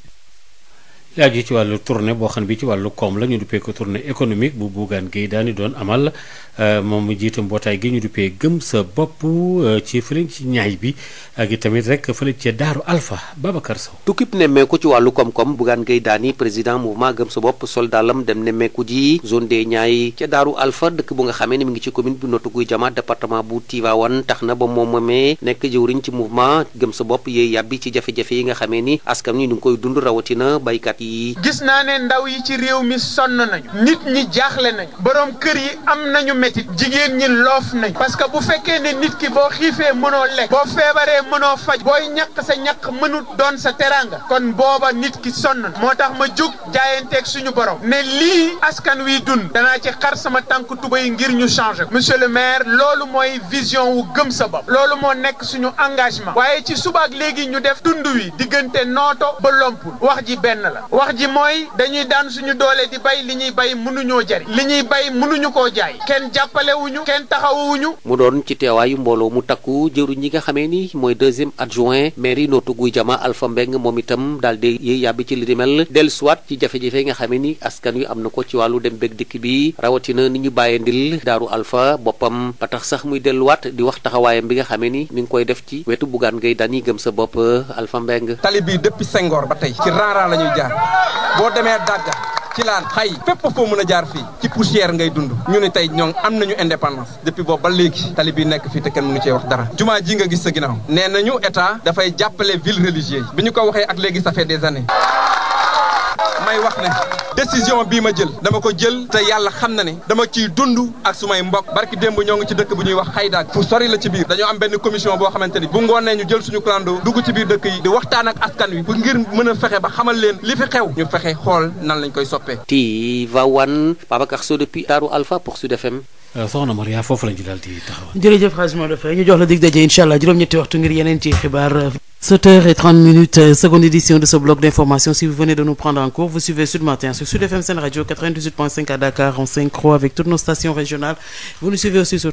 li ci wàllu tournée boo xam ne bi ci wàllu koom la ñu duppee ko tournée économique bu Bougane Gueye daani doon amal euh, moom mi jiite mbootaay gi ñu duppee gëm sa bopp euh, ci fële ci ñaay bi ak i tamit rek fële ci daaru Alpha Babacar Sow tukkib nemmeeku ci wàllu koom-koom Bougane Gueye daani président mouvement gëm sa bopp soldalam dem nemmeeku ji zone des ñaay ca daaru Alpha dëkk bu nga xamee ne mu ngi ci commune bu Notto Gouye Diama département bu Tivaouane tax na ba moom moomee nekk jëwriñ ci mouvement gëm sa bopp yéey yàbbi ci jafe yi nga xamee ni askan wi ñu ngi koy dund rawatina baykat yi gis naa ne ndaw yi ci réew mi sonn nañu nit ñi jaaxle nañu borom kër yi am nañu métit jigéen ñi loof nañu parce que bu fekkee ne nit ki boo xiifee mënoo lekk boo feebaree mënoo faj booy ñàkk sa ñàkk mënul doon sa teraanga kon booba nit ki sonn moo tax ma jóg jaayanteeg suñu borom ne lii askan wi dund danaa ci xar sama tànk yi ngir ñu changé ko le maire loolu mooy vision wu gëm sa loolu moo nekk suñu engagement waaye ci subaak léegi ñu def tund wi diggante nooto ba wax ji benn la wax ji mooy dañuy daan suñu doole di bay li ñuy bay mënuñoo jariñ li ñuy bay mënuñu koo jaay kenn jàppalewuñu kenn taxawuñu mu doon ci teewaayu mbooloo mu takku jëruñ ñi nga xamee ni mooy deuxième adjoint mairie Notto Gouye Diama Alpha Mbeng moom itam daal di yiy yàbbi ci li di mel dellusiwaat ci jafe-jafe nga xamee ni askan wi am na ko ci wàllu dem beeg dikk bi rawatina ni ñu bàyyee ndil daaru alfa boppam ba tax sax muy delluwaat di wax taxawaayam bi nga xamee ni mi ngi koy def ci wetu Bougane Gueye Dany gëm sa bopp Alpha Mbeng tali ba tey boo demee dagga ci laan xay fépp foo mën a jaar fii ci poussière ngay dund ñu ne tey ñoom am nañu indépendance depuis boobu ba léegi tali bi nekk fii te kenn mënu cee wax dara jumaa ji nga gis sa ginnaaw nee nañu état dafay jàppale ville religieuse bi ñu ko waxee ak léegi ça fait des années may wax ne décision bii ma jël dama ko jël te yàlla xam na ne dama ciy dund ak su may mbokk barki démb ñoo ngi ci dëkk bu ñuy wax xaydaag fu sori la ci biir dañoo am benn commission boo xamante ni bu ngoonee ñu jël suñu clando dugg ci biir dëkk yi di waxtaan ak askan wi bu ngir mën fexe ba xamal leen li fi xew ñu fexe xool nan lañ koy soppee Tivaouane Babacar Sow depuis Daaru Alpha pour Sud FM euh, soxna Maria foofu lañ ci daal di taxawal. ngir yeneen ci xibaar. 7h30 minutes, euh, seconde édition de ce bloc d'information. Si vous venez de nous prendre en cours, vous suivez Sud Matin sur Sud FM Sen Radio 98.5 à Dakar en synchro avec toutes nos stations régionales. Vous nous suivez aussi sur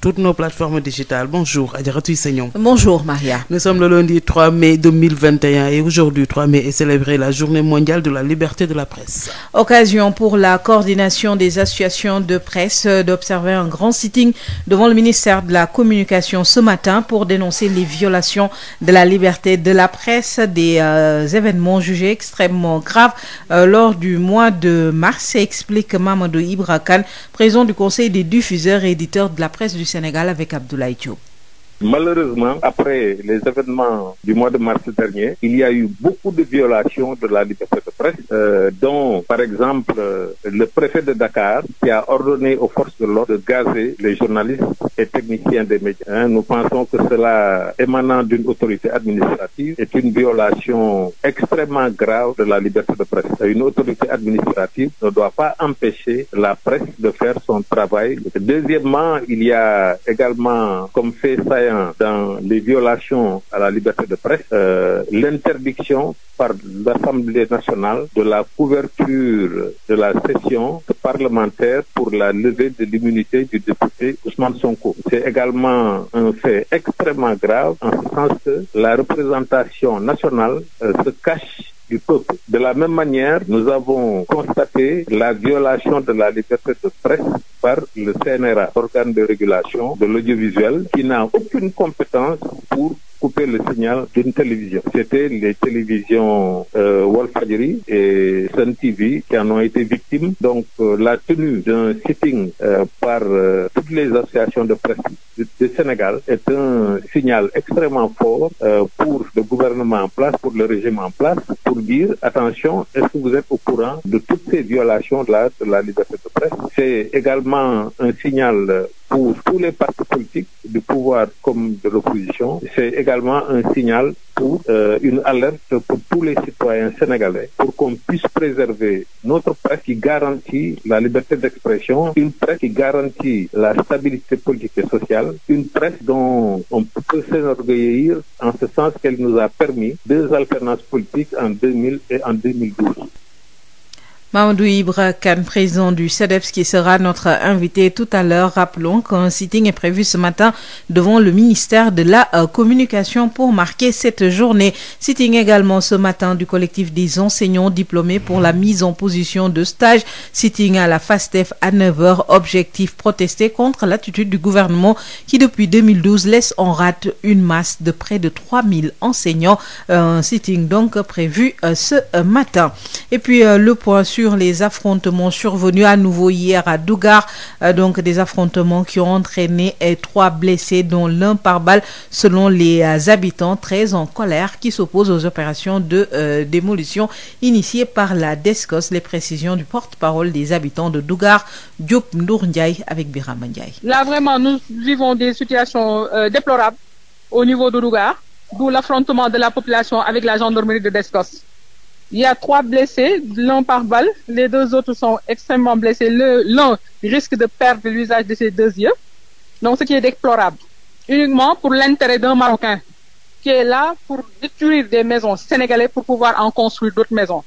toutes nos plateformes digitales. Bonjour, Adjaratou Seignon. Bonjour, Maria. Nous sommes le lundi mai et aujourd'hui, mai, est célébrée la Journée mondiale de la liberté de la presse. Occasion pour la coordination des pour dénoncer les violations de la liberté de la presse, des euh, événements jugés extrêmement graves euh, lors du mois de mars, explique Mamadou Ibra Kane, président du Conseil des diffuseurs et éditeurs de la presse du Sénégal avec Abdoulaye Diop. Malheureusement, après les événements du mois de mars dernier, il y a eu beaucoup de violations de la liberté de presse, euh, dont, par exemple, euh, le préfet de Dakar qui a ordonné aux forces de l'ordre de gazer les journalistes et techniciens des médias. Hein, nous pensons que cela émanant d'une autorité administrative est une violation extrêmement grave de la liberté de presse. Une autorité administrative ne doit pas empêcher la presse de faire son travail. Deuxièmement, 21 dans les violations à la liberté de presse, euh, l'interdiction par l'Assemblée nationale de la couverture de la session parlementaire pour la levée de l'immunité du député Ousmane Sonko. C'est également un fait extrêmement grave en ce sens que la représentation nationale euh, se cache du peuple. De la même manière, nous avons constaté la violation de la liberté de presse par le CNRA, organe de régulation de l'audiovisuel, qui n'a aucune compétence pour couper le signal d'une télévision. C'était les télévisions euh, Walfadjiri et Sun TV qui en ont été victimes. Donc euh, la tenue d'un sitting euh, par euh, toutes les associations de presse du Sénégal est un signal extrêmement fort pour le gouvernement en place, pour le régime en place, pour dire attention, est-ce que vous êtes au courant de toutes ces violations de la, de la liberté de presse effectivement un signal pour tous les partis politiques du pouvoir comme de l'opposition. C'est également un signal pour euh, une alerte pour tous les citoyens sénégalais pour qu'on puisse préserver notre presse qui garantit la liberté d'expression, une presse qui garantit la stabilité politique et sociale, une presse dont on peut s'enorgueillir en ce sens qu'elle nous a permis deux alternances politiques en 2000 et en Mamadou Ibra Kane, président du CEDEPS, sera notre invité tout à l'heure. Rappelons qu'un sitting est prévu ce matin devant le ministère de la euh, Communication pour marquer cette journée. Sitting également ce matin du collectif des enseignants diplômés pour la mise en position de stage. Sitting à la FASTEF à 9h. Objectif, protester contre l'attitude du gouvernement qui, depuis 2012, laisse en rate une masse de près de 3000 enseignants. Un sitting donc prévu euh, ce euh, matin. sur les affrontements survenus à nouveau hier à Dougar. Euh, donc des affrontements qui ont entraîné euh, trois blessés, dont l'un par balle, selon les euh, habitants en colère qui s'opposent aux opérations de euh, démolition initiées par la DESCOS. Les précisions du porte-parole des habitants de Dougar, Diop Ndour Ndiaye, avec Birama Ndiaye. Là, vraiment, nous vivons des situations euh, déplorables au niveau de Dougar, d'où l'affrontement de la population avec la gendarmerie de DESCOS. Il y a trois blessés, l'un par balle. Les deux autres sont extrêmement blessés. L'un risque de perdre l'usage de ses deux yeux. Donc, ce qui est déplorable. Uniquement pour l'intérêt d'un Marocain qui est là pour détruire des maisons sénégalaises pour pouvoir en construire d'autres maisons.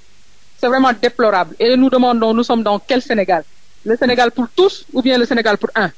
C'est vraiment déplorable. Et nous demandons, nous sommes dans quel Sénégal Le Sénégal pour tous ou bien le Sénégal pour un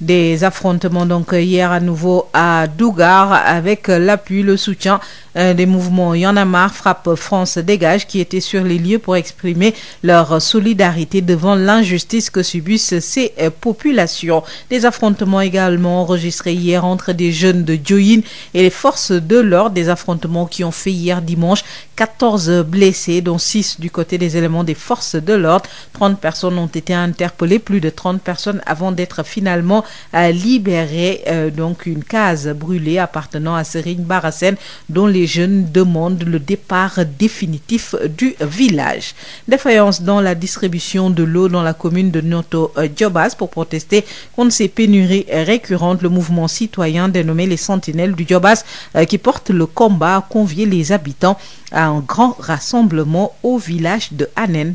Des affrontements donc hier à nouveau à Dougar avec l'appui, le soutien euh, des mouvements Y en a marre, Frappe France Dégage qui étaient sur les lieux pour exprimer leur solidarité devant l'injustice que subissent ces populations. Des affrontements également enregistrés hier entre des jeunes de Diohine et les forces de l'ordre. Des affrontements qui ont fait hier dimanche 14 blessés dont 6 du côté des éléments des forces de l'ordre. 30 personnes ont été interpellées, plus de 30 personnes avant finalement libéré euh, donc une case brûlée appartenant à Serigne Bara Sène dont les jeunes demandent le départ définitif du village. Défaillance dans la distribution de l'eau dans la commune de Notto euh, Diobass pour protester contre ces pénuries récurrentes. Le mouvement citoyen dénommé les Sentinelles du Diobass euh, qui porte le combat a convié les habitants à un grand rassemblement euh,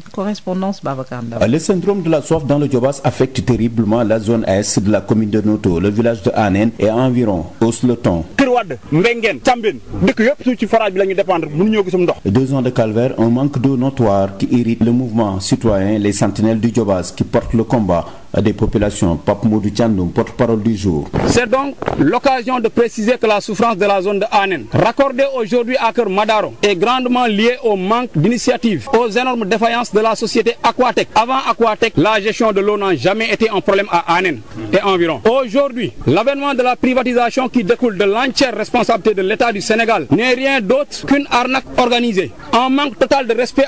Le syndrome de la soif dans le Diobass affecte terriblement la zone est de la commune de Noto. Le village de Hanen et environ hausse le ton. Kër Wade Mbenguen Cambine dëkk yëpp suuf ci forage bi la ñu dépendre mënuñoo gisum ndox. Deux ans de calvaire, un manque d'eau notoire qui irrite le mouvement citoyen les Sentinelles du Diobass qui porte le combat des populations. Pape Modou Tiandoum, porte-parole du jour. C'est donc l'occasion de préciser que la souffrance de la zone de Anen, raccordée aujourd'hui à Madaro, est grandement liée au manque d'initiative, aux énormes défaillances de la société Aquatec. Avant Aquatec, la gestion de l'eau n'a jamais été un problème à Anen et environ. Aujourd'hui, l'avènement de la privatisation qui découle de l'entière responsabilité de l'État du Sénégal n'est rien d'autre qu'une arnaque organisée, un manque total de respect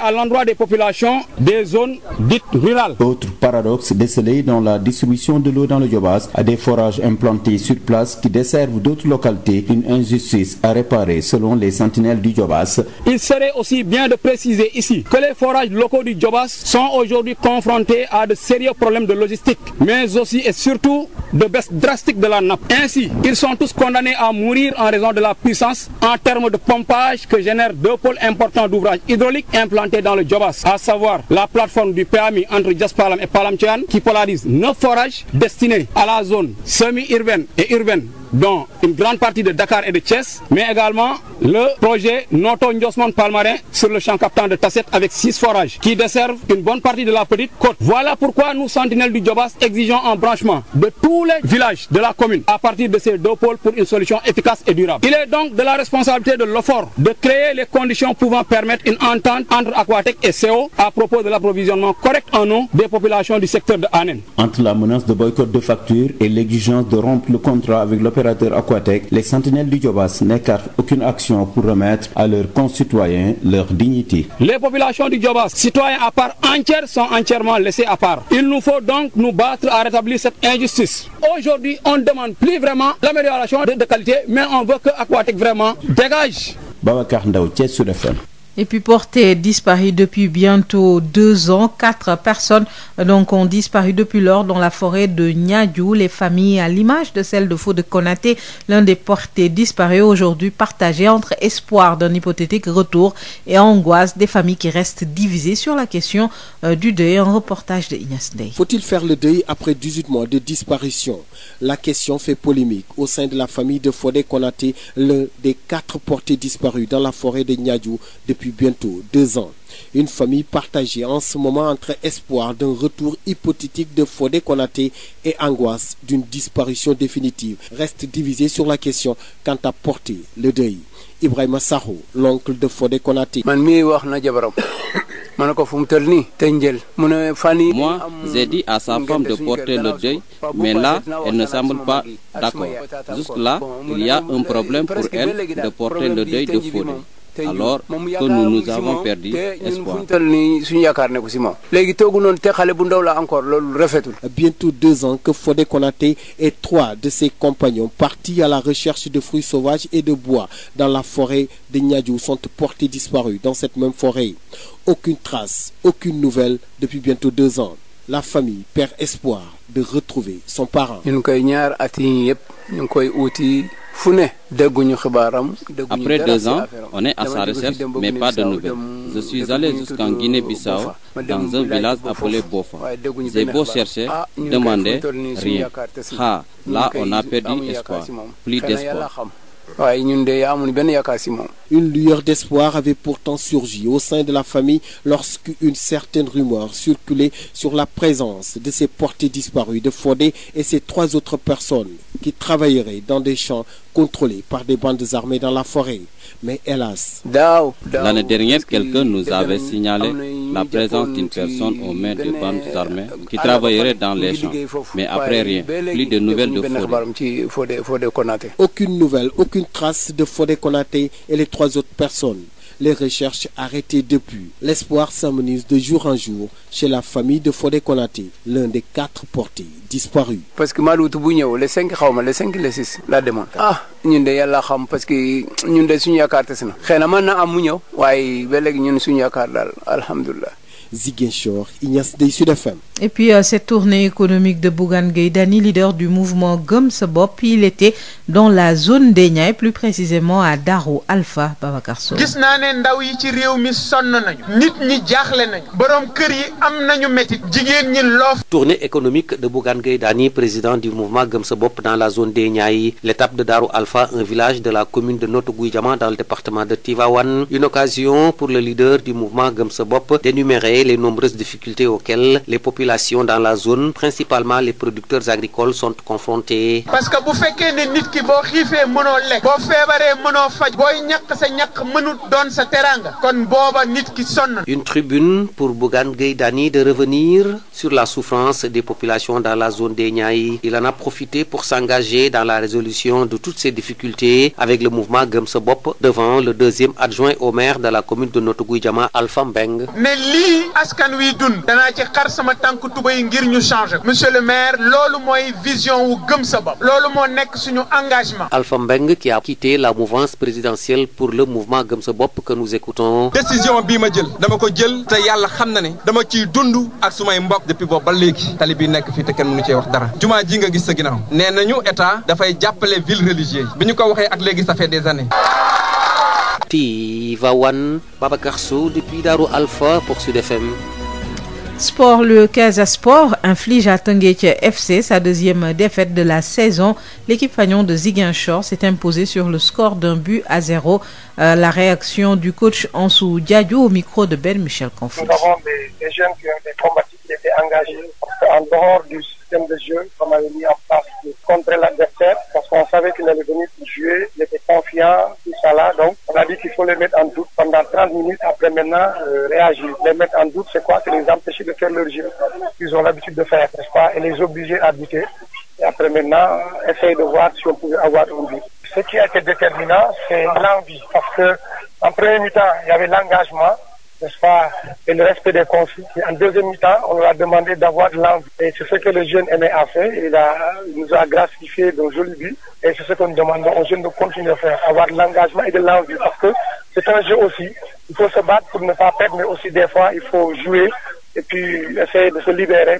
des populations des selon la distribution de l'eau dans le Diobass à des forages implantés sur place qui desservent d'autres localités, une injustice à réparer selon les sentinelles du Diobass. Il serait aussi bien de préciser ici que les forages locaux du Diobass sont aujourd'hui confrontés à de sérieux problèmes de logistique, mais aussi et surtout de baisse drastique de la nappe. Ainsi, ils sont tous condamnés à mourir en raison de la puissance en termes de pompage que génèrent neuf forages destinés à la zone semi-urbaine et urbaine dont une grande partie de Dakar et de Thiès, mais également le projet Noto Ndiosmon Palmarin sur le champ captant de Tasset avec six forages qui desservent une bonne partie de la petite côte. Voilà pourquoi nous, Sentinelles du Djobas, exigeons un branchement de tous les villages de la commune à partir de ces deux pôles pour une solution efficace et durable. Il est donc de la responsabilité de l'OFOR de créer les conditions pouvant permettre une entente entre Aquatec à propos de l'approvisionnement correct en eau des populations du secteur de Anen. opérateurs Aquatech, les sentinelles du Diobass n'écartent aucune action pour remettre à leurs concitoyens leur dignité. Les populations du Diobass, citoyens à part entière, sont entièrement laissées à part. Il nous faut donc nous battre à rétablir cette injustice. Aujourd'hui, on demande plus vraiment l'amélioration de, de qualité, mais on veut que Aquatech vraiment dégage. Babacar Ndaw, Thiès Et puis portées disparues depuis bientôt deux ans, quatre personnes donc ont disparu depuis lors dans la forêt de Niadiou. Les familles, à l'image de celle de Fodé Konaté, l'un des portés disparus aujourd'hui partagé entre espoir d'un hypothétique retour et angoisse des familles qui restent divisées sur la question euh, du deuil. Un reportage de Ignace Ndeye. Faut-il faire le deuil après 18 mois de disparition? La question fait polémique au sein de la famille de Fodé Konaté, l'un des quatre portés disparus depuis bientôt deux ans. Une famille partagée en ce moment entre espoir d'un retour hypothétique de Fodé Konaté et angoisse d'une disparition définitive reste divisée sur la question quant à porter le deuil. Ibrahima Sakho l'oncle de Fodé Konaté. man mii wax na jabaram ma ne ko fu moi j'ai dit à sa femme de porter le deuil mais là elle ne semble pas d'accord jusque là il y a un problème eh, pour elle de porter le deuil de Fodé alors que nous nous avons perdu espoir. suñu yaakaar ne ko si léegi toogu noonu te xale bu ndaw la encore loolu rafetul. bientôt deux ans que Fodé Konaté et trois de ses compagnons partis à la recherche de fruits sauvages et de bois dans la forêt de Niadiou sont portés disparus dans cette même forêt. Aucune trace, aucune nouvelle depuis bientôt deux ans. La famille perd espoir de retrouver son parent. ñu ngi ñaar at yi ñu ngi koy uuti. fu ne dégguñu xibaaram. dégguñu après deux ans on est à sa recherche mais pas de nouvelles je suis allé jusqu'en Guinée-Bissau dans un village appelé Bofa j'ai beau chercher ah, demander rien ah là on a perdu espoir plus d'espoir Une lueur d'espoir avait pourtant surgi au sein de la famille lorsqu'une certaine rumeur circulait sur la présence de ces portés disparus de Fodé et ces trois autres personnes qui travailleraient dans des champs contrôlés par des bandes armées dans la forêt. Mais hélas. L'année dernière, quelqu'un nous avait signalé la présence d'une personne aux mains de bandes euh, armées qui travaillerait dans les champs. Mais après rien, plus de nouvelles de Fodé. aucune trace de Fodé Konaté et les trois autres personnes. Les recherches arrêtées depuis. L'espoir s'amenuise de jour en jour chez la famille de Fodé Konaté, l'un des quatre portés disparus. parce que maaluutu bu ñëw le cinq xaw ma le cinq le six la demoon. ah ñun de yàlla parce que ñun de suñu yaakaar tes na. xëy na mën na am mu ñëw. waaye léegi ñun suñu yaakaar daal alhamdulilah. Ziguinchor Ignace Ndeye Sud FM. Et puis euh, cette tournée économique de Bougane Gueye Dany leader du mouvement Gëm sa bopp il était dans la zone des Niayes plus précisément à Darou Alpha Babacar gis naa ne ndaw yi ci réew mi sonn nañu. nit ñi jaaxle nañu. borom kër yi am nañu métit. jigéen ñi loof. tournée économique de Bougane Gueye Dany président du mouvement Gëm sa bopp dans la zone des Niayes l'étape de Darou Alpha un village de la commune de Notto Gouye Diama dans le département de Tivaouane une occasion le leader du mouvement sa bopp détaillé les nombreuses difficultés auxquelles les populations dans la zone principalement les producteurs agricoles sont confrontés. parce que bu fekkee ne nit ki boo xiifee mënoo lekk boo feebaree mënoo faj booy ñàkk sa ñàkk mënut doon sa teraanga kon booba nit ki une tribune pour Bougane Gueye Dany de revenir sur la souffrance des populations dans la zone des Niayes il en a profité pour s'engager dans la résolution de toutes ces difficultés avec le mouvement Gëm sa bopp devant le deuxième adjoint au maire de la commune de Notto Gouye Diama Alpha Mbeng. li askan wii dund danaa ci xar sama tànk tubay ngir ñu changé monsieur le maire loolu mooy vision wu gëm sa bopp loolu moo nekk suñu engagement. Alpha nga kii a quitté la mouvance présidentielle pour le mouvement gëm sa bopp que nous écoutons. décision bii ma jël dama ko jël te yàlla xam na ne dama ciy dund ak sumay mbokk depuis boobu ba léegi tali bi nekk fii te kenn mënu cee wax dara jumaa ji nga gis sa ginnaaw nee nañu état dafay jàppale ville religieuse bi ñu ko waxee ak léegi ça des années. Tivawan, Babacar depuis pour Sud FM. Sport, le Casa Sport inflige à Tenguetia FC sa deuxième défaite de la saison. L'équipe fagnon de Ziguinchor s'est imposée sur le score d'un but à zéro. Euh, la réaction du coach Ansou Diadio au micro de Ben Michel Confus. des, jeunes qui ont des combats qui étaient engagés en dehors du système de jeu qu'on avait mis en place pour contrer l'adversaire parce qu'on savait qu'il allait venir jouer, il était confiant, tout ça Donc, on a dit qu'il faut les mettre en doute pendant 30 minutes après maintenant euh, réagir. Les mettre en doute, c'est quoi C'est les empêcher de faire leur jeu qu'ils ont l'habitude de faire, Et les obliger à buter. Et après maintenant, essayer de voir si on pouvait avoir un but. Ce qui a été déterminant, c'est l'envie parce que n'est-ce pas, et le respect des conflits. en deuxième mi on a demandé d'avoir de l'envie. Et c'est ce que le jeune aîné a fait. Il, a, il nous a gratifié d'un joli but. c'est ce que nous demandons aux jeunes de continuer à faire, avoir de l'engagement et de l'envie. Parce que c'est un jeu aussi. Il faut se battre pour ne pas perdre, mais aussi des fois, il faut jouer et puis essayer de se libérer.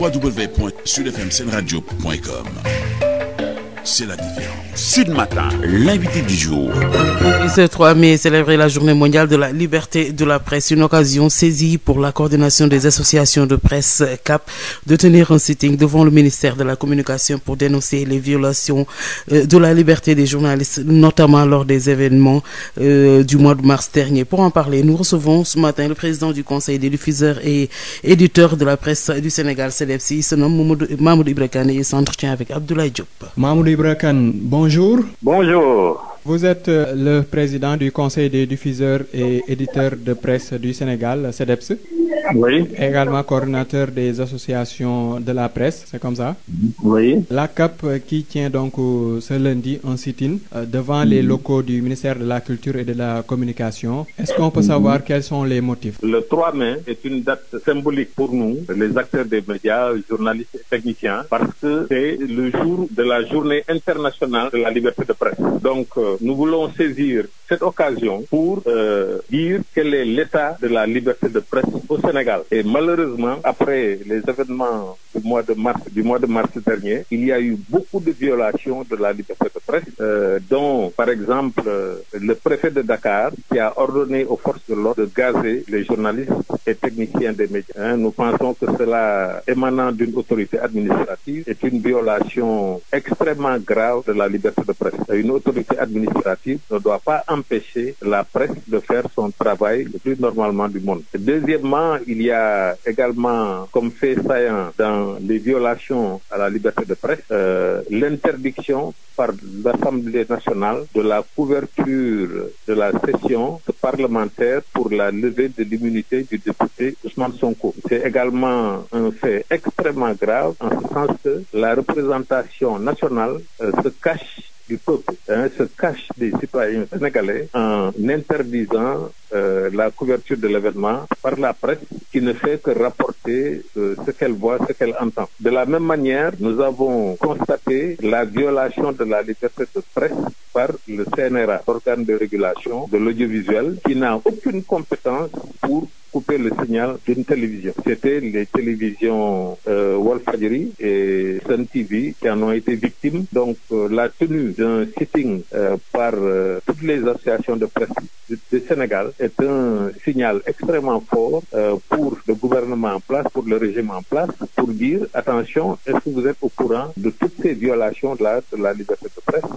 www.sudfmsenradio.com c'est la différence. Sud Matin, l'invité du jour. Ce 3 mai, célébrer la journée mondiale de la liberté de la presse, une occasion saisie pour la coordination des associations de presse CAP de tenir un sitting devant le ministère de la Communication pour dénoncer les violations euh, de la liberté des journalistes, notamment lors des événements euh, du mois de mars dernier. Pour en parler, nous recevons ce matin le président du Conseil des diffuseurs et éditeurs de la presse du Sénégal, CDEPS. Il se nomme Mamadou Ibra Kane et s'entretient Ibrakan, bonjour. Bonjour. Vous êtes euh, le président du Conseil des diffuseurs et éditeurs de presse du Sénégal, CEDEPS. Oui. Également coordinateur des associations de la presse, c'est comme ça La CAP euh, qui tient donc euh, ce lundi un sit-in devant les locaux du ministère de la Culture et de la Communication. Est-ce qu'on peut mhm. savoir quels sont les motifs Le 3 mai est une date symbolique pour nous, les acteurs des médias, journalistes et techniciens, parce que c'est le jour de la journée internationale de la nous voulons saisir cette occasion pour euh, dire quel est l'état de la liberté de presse au Sénégal. Et malheureusement, après les événements du mois de mars, du mois de mars dernier, il y a eu beaucoup de violations de la liberté de presse, euh, dont, par exemple, euh, le préfet de Dakar qui a ordonné aux forces de l'ordre de gazer les journalistes et techniciens des médias. Hein, nous pensons que cela émanant d'une autorité administrative est une violation extrêmement grave de la liberté de presse. Une autorité administrative empêcher la presse de faire son travail le plus normalement du monde. Deuxièmement, il y a également comme fait saillant dans les violations à la liberté de presse euh, l'interdiction par l'Assemblée nationale de la couverture de la session parlementaire pour la levée de l'immunité du député Ousmane Sonko. C'est également un fait extrêmement grave en ce sens que la représentation nationale euh, se cache du peuple hein, se cache des citoyens sénégalais en interdisant euh, la couverture de l'événement par la presse qui ne fait que rapporter euh, ce qu'elle voit, ce qu'elle entend. De la même manière, nous avons constaté la violation de la liberté de presse par le CNRA, organe de régulation de l'audiovisuel, qui n'a aucune compétence pour couper le signal d'une télévision. C'était les télévisions euh, Wolfadiri et Sun TV qui en ont été victimes. Donc euh, la tenue d'un sitting euh, par euh, toutes les associations de presse du, Sénégal est un signal extrêmement fort pour le gouvernement en place, pour le régime en place, pour dire attention, est-ce que vous êtes au courant de toutes ces violations de la, de la liberté de presse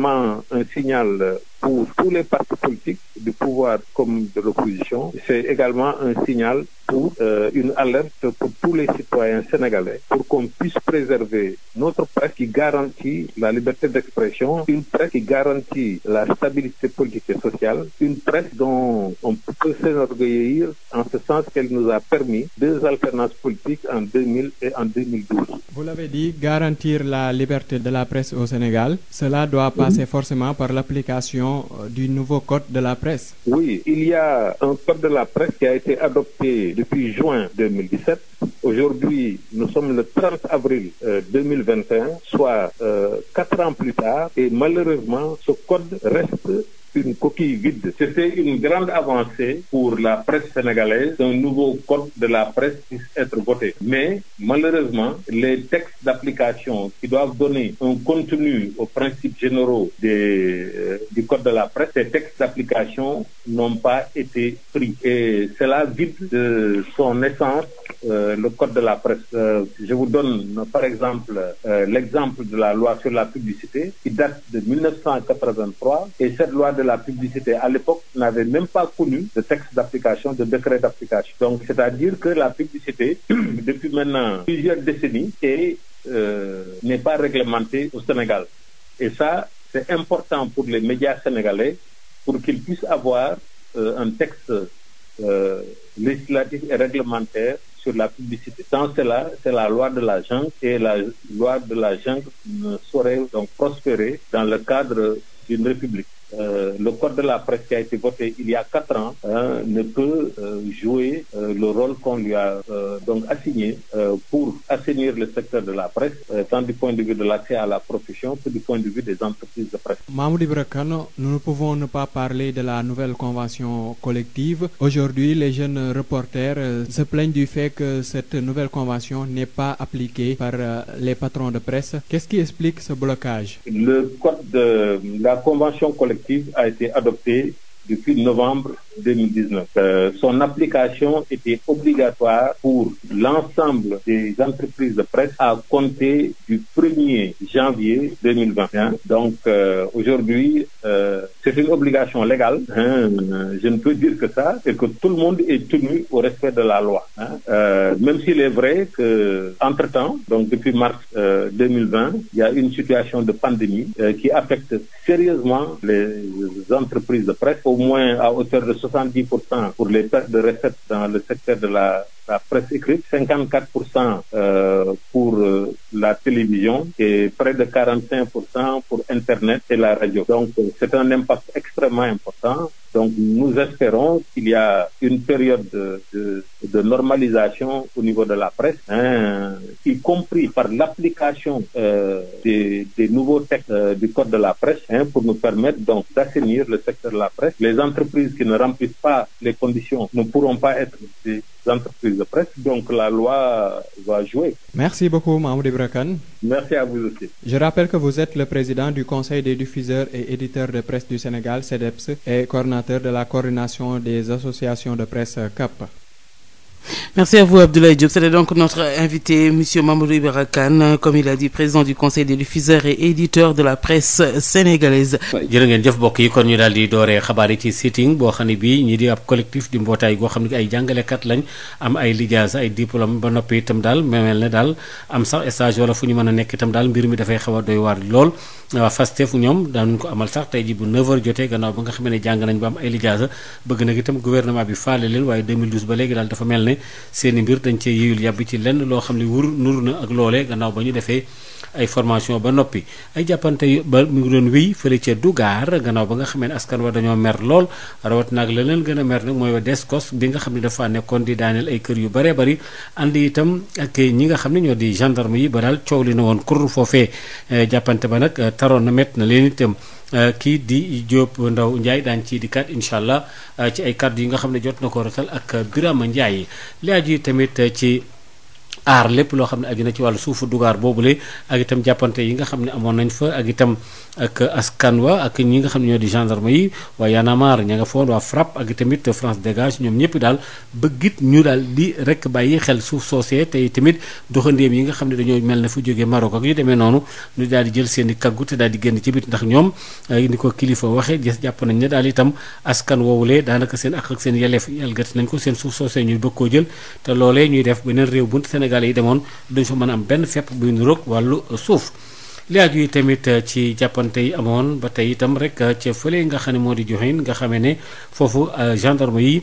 effectivement un signal euh, pour tous les partis politiques du pouvoir comme de l'opposition. C'est également un signal pour euh, une alerte pour tous les citoyens sénégalais pour qu'on puisse préserver notre presse qui garantit la liberté d'expression, une presse qui garantit la stabilité politique et sociale, une presse dont on peut s'enorgueillir en ce sens qu'elle nous a permis deux alternances politiques en 2000 et en 2012. Vous l'avez dit, garantir la liberté de la presse au Sénégal, cela doit passer mmh. forcément par l'application application euh, du nouveau code de la presse Oui, il y a un code de la presse qui a été adopté depuis juin 2017. Aujourd'hui, nous sommes le 30 avril euh, 2021, soit euh, quatre euh, ans plus tard, et malheureusement, ce code reste une coquille vide. grande avancée pour la presse sénégalaise. Un nouveau code de la presse puisse être voté. Mais malheureusement, les textes d'application qui doivent donner un euh, de la presse, ces textes d'application Et cela vide son essence euh, le code de la presse. Euh, exemple euh, l'exemple de la loi la publicité qui de la publicité, à l'époque, n'avait même pas connu de texte d'application, de décret d'application. Donc, c'est-à-dire que la publicité, depuis maintenant plusieurs décennies, est, euh, n'est pas réglementée au Sénégal. Et ça, c'est important pour les médias sénégalais pour qu'ils puissent avoir euh, un texte euh, législatif et réglementaire sur la publicité. Sans cela, c'est la loi de la jungle et la loi de la jungle ne saurait donc prospérer dans le cadre d'une république. euh, le code de la presse qui a été voté il y a quatre ans hein, ne peut euh, jouer euh, le rôle qu'on lui a euh, donc assigné euh, pour assainir le secteur de la presse, euh, tant du point de vue de l'accès à la profession que du point de vue des entreprises de presse. Mamoud Ibrakan, nous ne pouvons ne pas parler de la nouvelle convention collective. Aujourd'hui, les jeunes reporters se plaignent du fait que cette nouvelle convention n'est pas appliquée par les patrons de presse. Qu'est-ce qui explique ce Le code de la convention collective a été adoptée depuis novembre 2019. Euh, son application était obligatoire pour l'ensemble des entreprises de presse à compter du 1er janvier 2021. Donc euh, aujourd'hui, euh, c'est une obligation légale. Hein, je ne peux dire que ça, c'est que tout le monde est tenu au respect de la loi. Euh, même s'il est vrai que entre-temps, donc depuis mars 2020, euh, il y a une situation de pandémie euh, qui affecte sérieusement les entreprises de presse moins à hauteur de 70% pour les pertes de recettes dans la la presse écrite, 54 pour cent euh, pour euh, la télévision et près de 45 pour cent pour Internet et la radio. Donc euh, c'est un impact extrêmement important. Donc nous espérons une période de, de, au niveau de la presse, hein, y compris par l'application euh, des, des, nouveaux textes euh, du la presse, hein, pour nous permettre donc d'assainir le secteur de la Les entreprises qui ne pas les conditions ne de presse. Donc la loi va jouer. Merci beaucoup, Mahmoud Ibrakan. Merci à vous aussi. Je rappelle que vous êtes le président du Conseil des diffuseurs et éditeurs de presse du Sénégal, CEDEPS, et coordinateur de la coordination des associations de presse CAP. Merci à vous Abdoulaye Diop. C'était donc notre invité monsieur Mamadou Ibra Kane comme il a dit président du conseil des diffuseurs et éditeurs de la presse sénégalaise. jërë ngeen jëf mbokk yi kon ñu daal di dooree xabaar yi ci sitting boo xam ne bii ñi di ab collectif di mbootaay goo xam ne ay jàngalekat lañ am ay lijaasa ay diplôme ba noppi itam daal memel ne daal am sax stage wala fu ñu mën a nekk itam daal mbir mi dafay xaw a doy waar lool. waa euh, Fastef ñoom daanuñ ko ne seen i mbir dañ cee yéeyul yàbb ci lenn loo xam ne wur nuru na ak loole gannaaw ba ñu defee ay formation ba noppi ay jàppante ba mu ngi doon wéy fële ca Dugaar gannaaw ba nga xamee ne askan wa dañoo mer lool rawat nag la leen gën a mer nag mooy wa Descos bi nga xam ne dafa nekkoon di daaneel ay kër yu baree bari ànd itam ak ñi nga xam ne ñoo di gendarme yi ba daal coow li na woon kur foofee eh, jàppante ba nag eh, taroon na met na leen itam Eh, kii di Diop Ndaw Ndiaye daañu ci dikkaat incha allah eh, ci ay kàddu yi nga xam ne jot na ko ratal ak Birama Ndiaye li aju tamit eh, ci. aar lépp loo xam ne aju na ci wàllu suufu dugaar boobule ak itam jàppante yi nga xam ne amoon nañ fa ak itam ak askan wa ak ñi nga xam ne ñoo di gendarme yi waa Y'en a marre ña nga foon waa FRAPP ak itamit France Dégage ñoom ñëpp daal bëggit ñu daal di rek bàyyi xel suuf soosee tey tamit doxandéem yi nga xam ne dañoo mel na fu jógee Maroc ak yu demee noonu ñu daal di jël seen i kaggu te daal di génn ci bit ndax ñoom ni ko kilifa waxee gis jàpp nañ ne daal itam askan woowulee daanaka seen ak ak seen yelleef yalgati nañ ko seen suuf soosee ñuy bëgg koo jël te loolee Sénégal yi demoon duñ fa mën am benn fepp buy nuroog wàllu suuf li yi tamit euh, ci jàppante yi amoon ba tey itam rek euh, ca fële nga xam ne moo di joxin nga xamee ne foofu euh, gendarme yi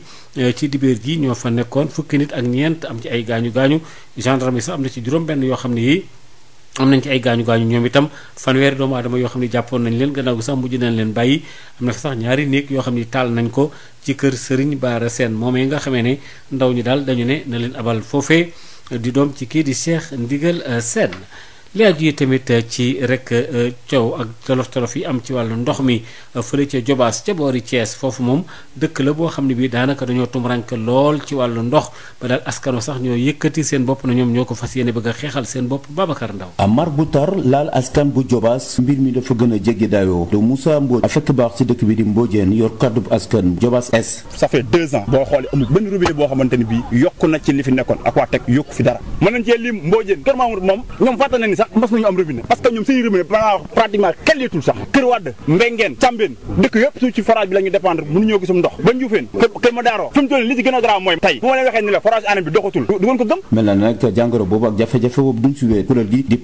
ci dibéer ji ñoo fa nekkoon fukki nit ak ñeent am ci ay gaañu gaañu gendarme yi sax am na ci juróom-benn yoo xam ne yi am nañ ci ay gaañu gaañu ñoom itam fanweeri doomu aadama yoo xam ne jàppoon nañ leen gannaaw gi sax mujj nañ leen bàyyi am na fa sax ñaari néeg yoo xam ne taal nañ ko ci kër Serigne Bara Sène moomee nga xamee ne ndaw ñi daal dañu ne leen abal foofee di doom ci kii di Cheikh a euh, Sène li aju yi tamit eh, ci rek eh, coow ak tolof tolof yi am ci wàllu ndox mi eh, fële ca Jobaas ca boori Thiès foofu moom dëkk la boo xam ne bii daanaka dañoo tumuranke lool ci wàllu ndox ba daal askano sax ñoo yëkkati seen bopp na ñoom ñoo ko fas yéene bëgg a xeexal seen bopp Babacar Ndaw amar bu tar laal askan bu Jobaas mbir mi dafa gën a jéggi dayoo de Moussa Mbodj a fekk baax ci dëkk bi di Mbodjeen yor kaddu bu askan Jobaas es ça fait deux ans boo xoolee amul benn robinet boo xamante ni bii yokku na ci li fi nekkoon Aquatec yokku fi dara mën nañ cee lim Mbodjeen kër moom ñoom mas nañu am robinet parce que ñoom seen robinet banaa wax pratiquement kelleetul sax kër wàdd mbengeen càmbeen dëkk yëpp su ci forage bi la ñu dépendre mënu ñoo gisum ndox ba njuufeen kër ma daaroo fi mu li ci gën a garaaw mooy tey bu ma leen waxee ni la forage anam bi doxatul du si wéer kuréel gi di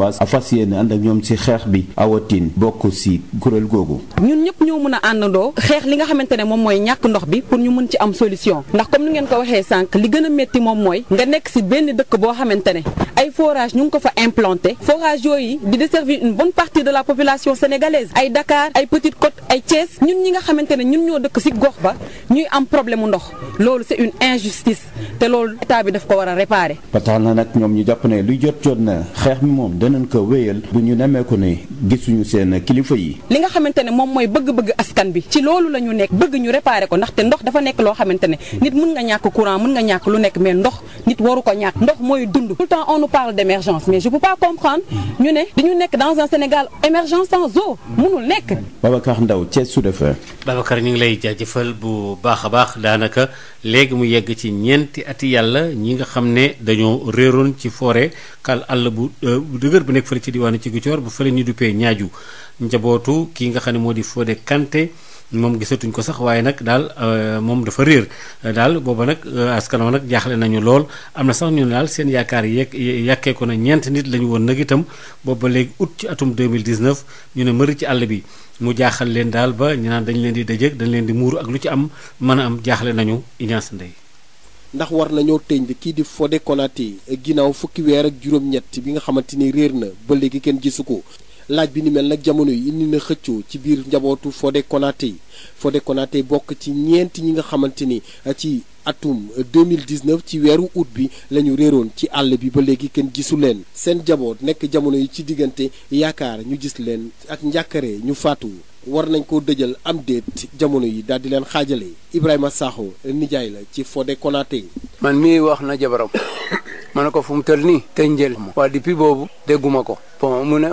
a fas yéene ànd ak ñoom si xeex bi awatin bokk si kuréel googu ñun ñëpp ñoo mën a àndandoo xeex li nga xamante ne moom mooy ñàkk ndox bi pour ñu mën ci am solution ndax comme ngeen waxee sànq li gën a métti moom mooy nga nekk si benn boo xamante ne ay forage ñu ngi ko fa implanté forage yooyu di desservir une bonne partie de la population sénégalaise ay Dakar ay Petite Côte ay Thiès ñun ñi nga xamante ne ñun ñoo dëkk ci gox ba ñuy am problème mu ndox loolu c'est une injustice te loolu état bi daf ko war a réparer. ba tax na nag ñoom ñu jàpp ne lu jot jot na xeex mi moom danañ ko wéyal bu ñu nemmeeku ne gisuñu seen kilifa yi. li nga xamante ne moom mooy bëgg-bëgg askan bi ci loolu la ñu nekk bëgg ñu réparer ko ndaxte ndox dafa nekk loo xamante ne nit mën nga ñàkk courant mën nga ñàkk lu nekk mais ndox nit waru ko ñàkk ndox mooy dund nous parle d'émergence mais je peux pas comprendre ñu ne ñu nekk dans un Sénégal émergent sans eau mënul nekk. Babacar Ndaw Thiès Sud FM. Babacar ñu ngi lay jaajëfal bu baax a baax daanaka léegi mu yegg ci ñeenti ati yàlla ñi nga xam ne dañoo réeroon ci foore kal àll euh, bu dëgër bu nekk fële ci diwaanu ci Ziguinchor bu fële ñu duppee ñaaju njabootu kii nga xam ne moo di foode kante moom gisatuñ ko sax waaye nag daal euh, moom dafa réer daal booba nag euh, askanoo nag jaaxle nañu lool am na sax ñu ne daal seen yaakaar yeeg yàkkee ko na ñeent nit lañu woon nag itam booba léegi ut ci atum 2019 ñu ne mëri ci àll bi mu jaaxal leen daal ba ñu naan dañu leen di dajëg dañu leen di muur ak lu ci am mën a am jaaxle nañu Ignace Ndeye ndax war nañoo tëñ kii di Fodé Konaté ginnaaw fukki weer ak juróom-ñett bi nga xamante ni réer na ba léegi kenn gisu ko laaj bi ni mel nag jamono yi indi na xëccoo ci biir njabootu Fodé Konaté yi Fodé bokk ci ñeenti ñi nga xamante ni uh, ci atum 2019 ci weeru août bi la ñu réeroon ci àll bi ba léegi kenn gisu leen seen jaboot nekk jamono yi ci diggante yaakaar ñu gis leen ak njàkkare ñu faatu war nañ ko dëjal am déet jamono yi daal di leen xaajale Ibrahima Sakho nijaay la ci Fodé yi man mii wax na jabaram ma ne ko fu mu tël nii te njël waa depuis boobu dégguma ko bon mu ne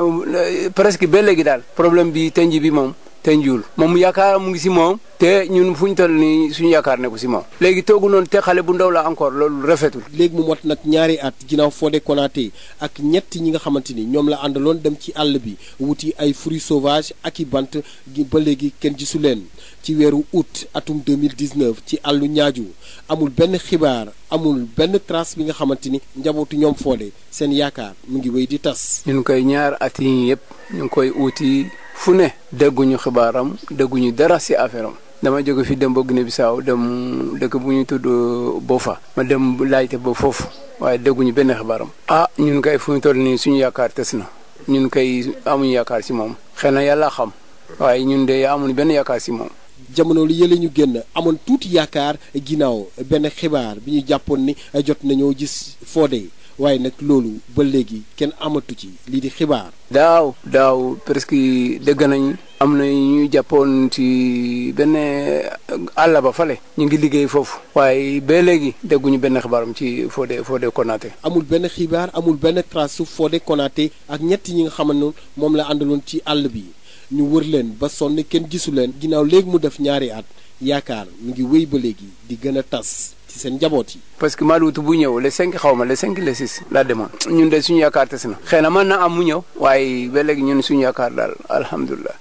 presque ba léegi daal problème bi tenj bi moom te njuul moom yaakaar mu ngi si moom te ñun fu ñu nii suñu yaakaar ne ko si léegi toogu noonu bu ndaw encore loolu rafetul léegi mu mot nag ñaari at ginnaaw Fodé Konaté ak ñett ñi xamante ni ñoom la àndaloon dem ci àll bi wuti ay fruits sauvages ak i bant ba léegi kenn gisu leen ci weeru août atum 2019 ci àllu ñaaju amul benn xibaar amul benn trace bi nga xamante ni njabootu ñoom Fodé seen yaakaar mu ngi wéy di tas ñun koy ñaar at yi yëpp ñu ngi koy uuti fu ne dégguñu xibaaram dégguñu dara si affaire am dama jóge fi dem ba Guinée Bissau dem dëkk bu ñu tudd euh, Bofa ma dem laajte ba foofu waaye dégguñu benn xibaaram ah ñun kay fu ñu toll nii suñu yaakaar tes na ñun kay amuñu yaakaar si moom xëy na yàlla xam waaye ñun de amuñu benn yaakaar si moom. jamono li yële ñu génn amoon tuuti yaakaar ginnaaw benn xibaar bi ñu jàppoon ni jot nañoo gis yi waaye nag loolu ba léegi kenn amatu ci lii di xibaar. daaw daaw presque dégg nañ am na ñu jàppoon ci benn eh, àll ba fale ñu ngi liggéey foofu waaye ba léegi dégguñu benn xibaaram ci Fodé Fodé Konaté amul benn xibaar amul benn trace su Fodé Konaté ak ñetti ñi nga xam moom la àndaloon ci àll bi ñu wër leen ba sonn kenn gisu leen ginnaaw léegi mu def ñaari at yaakaar mu ngi wéy ba léegi di gën a tas ci seen njaboot yi. parce que Maluutu bu ñëw le 5 xaw ma le 5 le 6 laa demoon ñun de suñu yaakaar tas na xëy na mën na am mu ñëw waaye ba léegi ñun suñ yaakaar daal alhamdulilah.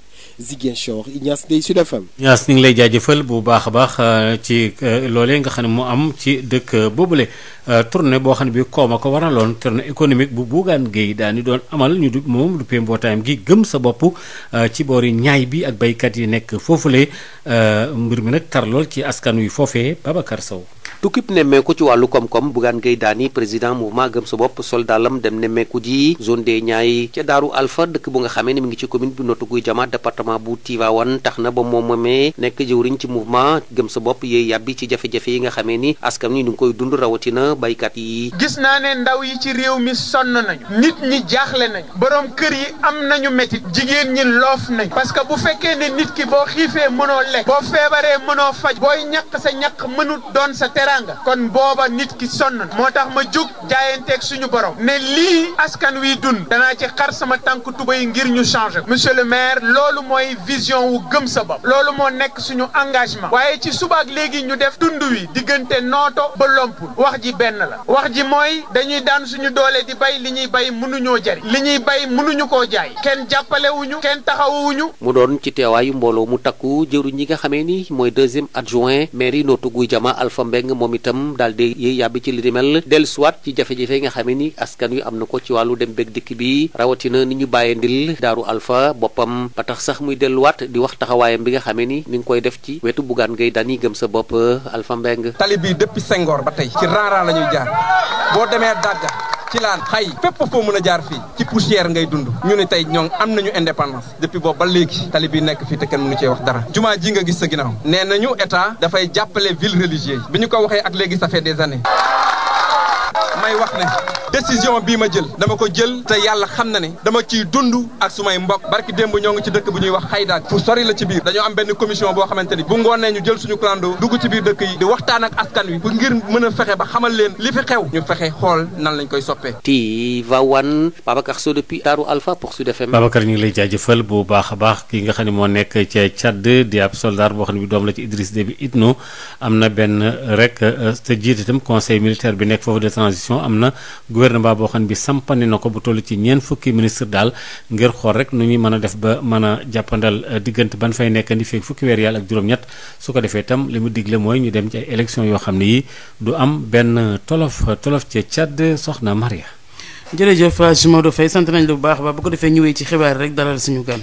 Ziguinchor Ignace Ndeye Sud FM. Ignace ñu ngi lay jaajëfal bu baax a baax euh, ci euh, loolee nga xam ne mu am ci dëkk euh, boobule. Euh, tournée boo xam ne bi koom a ko waraloon tournée économique bu Bougane Gueye daan doon amal ñu du moom du pee mbootaayam gi gëm sa bopp euh, ci boori ñaay bi ak baykat yi nekk foofu foofule euh, mbir mi nag tar lool ci askan wi foofee Babacar saw tukkib nemmeeku ci wàllu koom-koom Bougane Gueye Dany président mouvement gëm sa bopp soldalam dem nemmeeku ji zone des Niayes ca Daaru Alpha dëkk bu nga xamee ne mu ngi ci commune bu Notto Gouye Diama département bu Tivaouane tax na ba moom moomee nekk jëwriñ ci mouvement gëm sa bopp yooyu yàbbi ci jafe yi nga xamee ni askan wi ñu ngi koy dund rawatina baykat yi. gis naa ne ndaw yi ci réew mi sonn nañu. nit ñi jaaxle nañu. borom kër yi am nañu métit jigéen ñi loof nañu. parce que bu fekkee ne nit ki boo xiifee mënoo lekk. boo feebaree mënoo faj. booy ñàkk sa ñàkk mënut doon sa teraanga. kon booba nit ki sonn moo tax ma jóg jaayanteeg suñu borom. ne lii askan wi dund. danaa ci xar sama tànk tuba yi ngir ñu changer monsieur le maire loolu mooy vision wu gëm sa bopp. loolu moo nekk suñu engagement. waaye ci suba léegi ñu def tund wi diggante benn la wax ji mooy dañuy daan suñu doole di bay li ñuy bay mënuñoo jëriñ li ñuy bay mënuñu koo jaay kenn jàppalewuñu kenn taxawuñu mu doon ci teewaayu mbooloo mu takku jëru ñi nga xamee ni mooy deuxième adjoint mairie Notto Gouye Diama Alpha Mbeng moom itam daal di yéey yàbbi ci li di mel dellusiwaat ci jafe-jafe yi nga xamee ni askan wi am na ko ci wàllu dem beeg dikk bi rawatina ni ñu bàyyee ndil daaru alfa boppam ba tax sax muy delluwaat di wax taxawaayam bi nga xamee ni ni nga koy def ci wetu buggaan ngay daan yi gëm sa bopp Alpha Mbeng tali la jaar boo demee dàgga ci laan xay fépp foo mën a jaar fii ci poussière ngay dund ñu ne tey ñoom am nañu indépendance depuis boobu ba léegi tali bi nekk fii te kenn mënu cee wax dara jumaa ji nga gis sa ginnaaw nee nañu état dafay jàppale ville religieuse bi ñu ko waxee ak léegi ça fait des années may wax ne décision bii ma jël dama ko jël te yàlla xam na ne dama ciy dund ak su may mbokk barki démb ñoo ngi ci dëkk bu ñuy wax xaydaat fu sori la ci biir dañoo am benn commission boo xamante ni bu ngoonee ñu jël suñu clando dugg ci biir dëkk yi di waxtaan ak askan wi bu ngir mën a fexe ba xamal leen li fi xew ñu fexe xool nan lañ koy soppee Tivaouane Babacar ñu ngi lay jaajëfal bu baax a baax ki nga xam ne moo nekk ca Tchad di ab soldat boo xam ne bi doom la ci Idriss Déby na benn rek euh, te jiite bi nekk transition am na gouvernement boo xam ne bi sampane na ko bu toll ci ñeent fukki ministre daal ngir xool rek nu ñuy mën a def ba mën a jàppandal euh, diggante ban fay nekkandi feeg fukki weer yàlla ak juróom-ñett su ko defee itam li mu digle mooy ñu dem ci ay élection yoo xam ne yi du am benn tolof tolof ca Tchad soxna Maria. jërëjëf Maodo Faye sant nañ la baax ba bu ko defee ñëwee ci xibaar rek dalal suñu gan.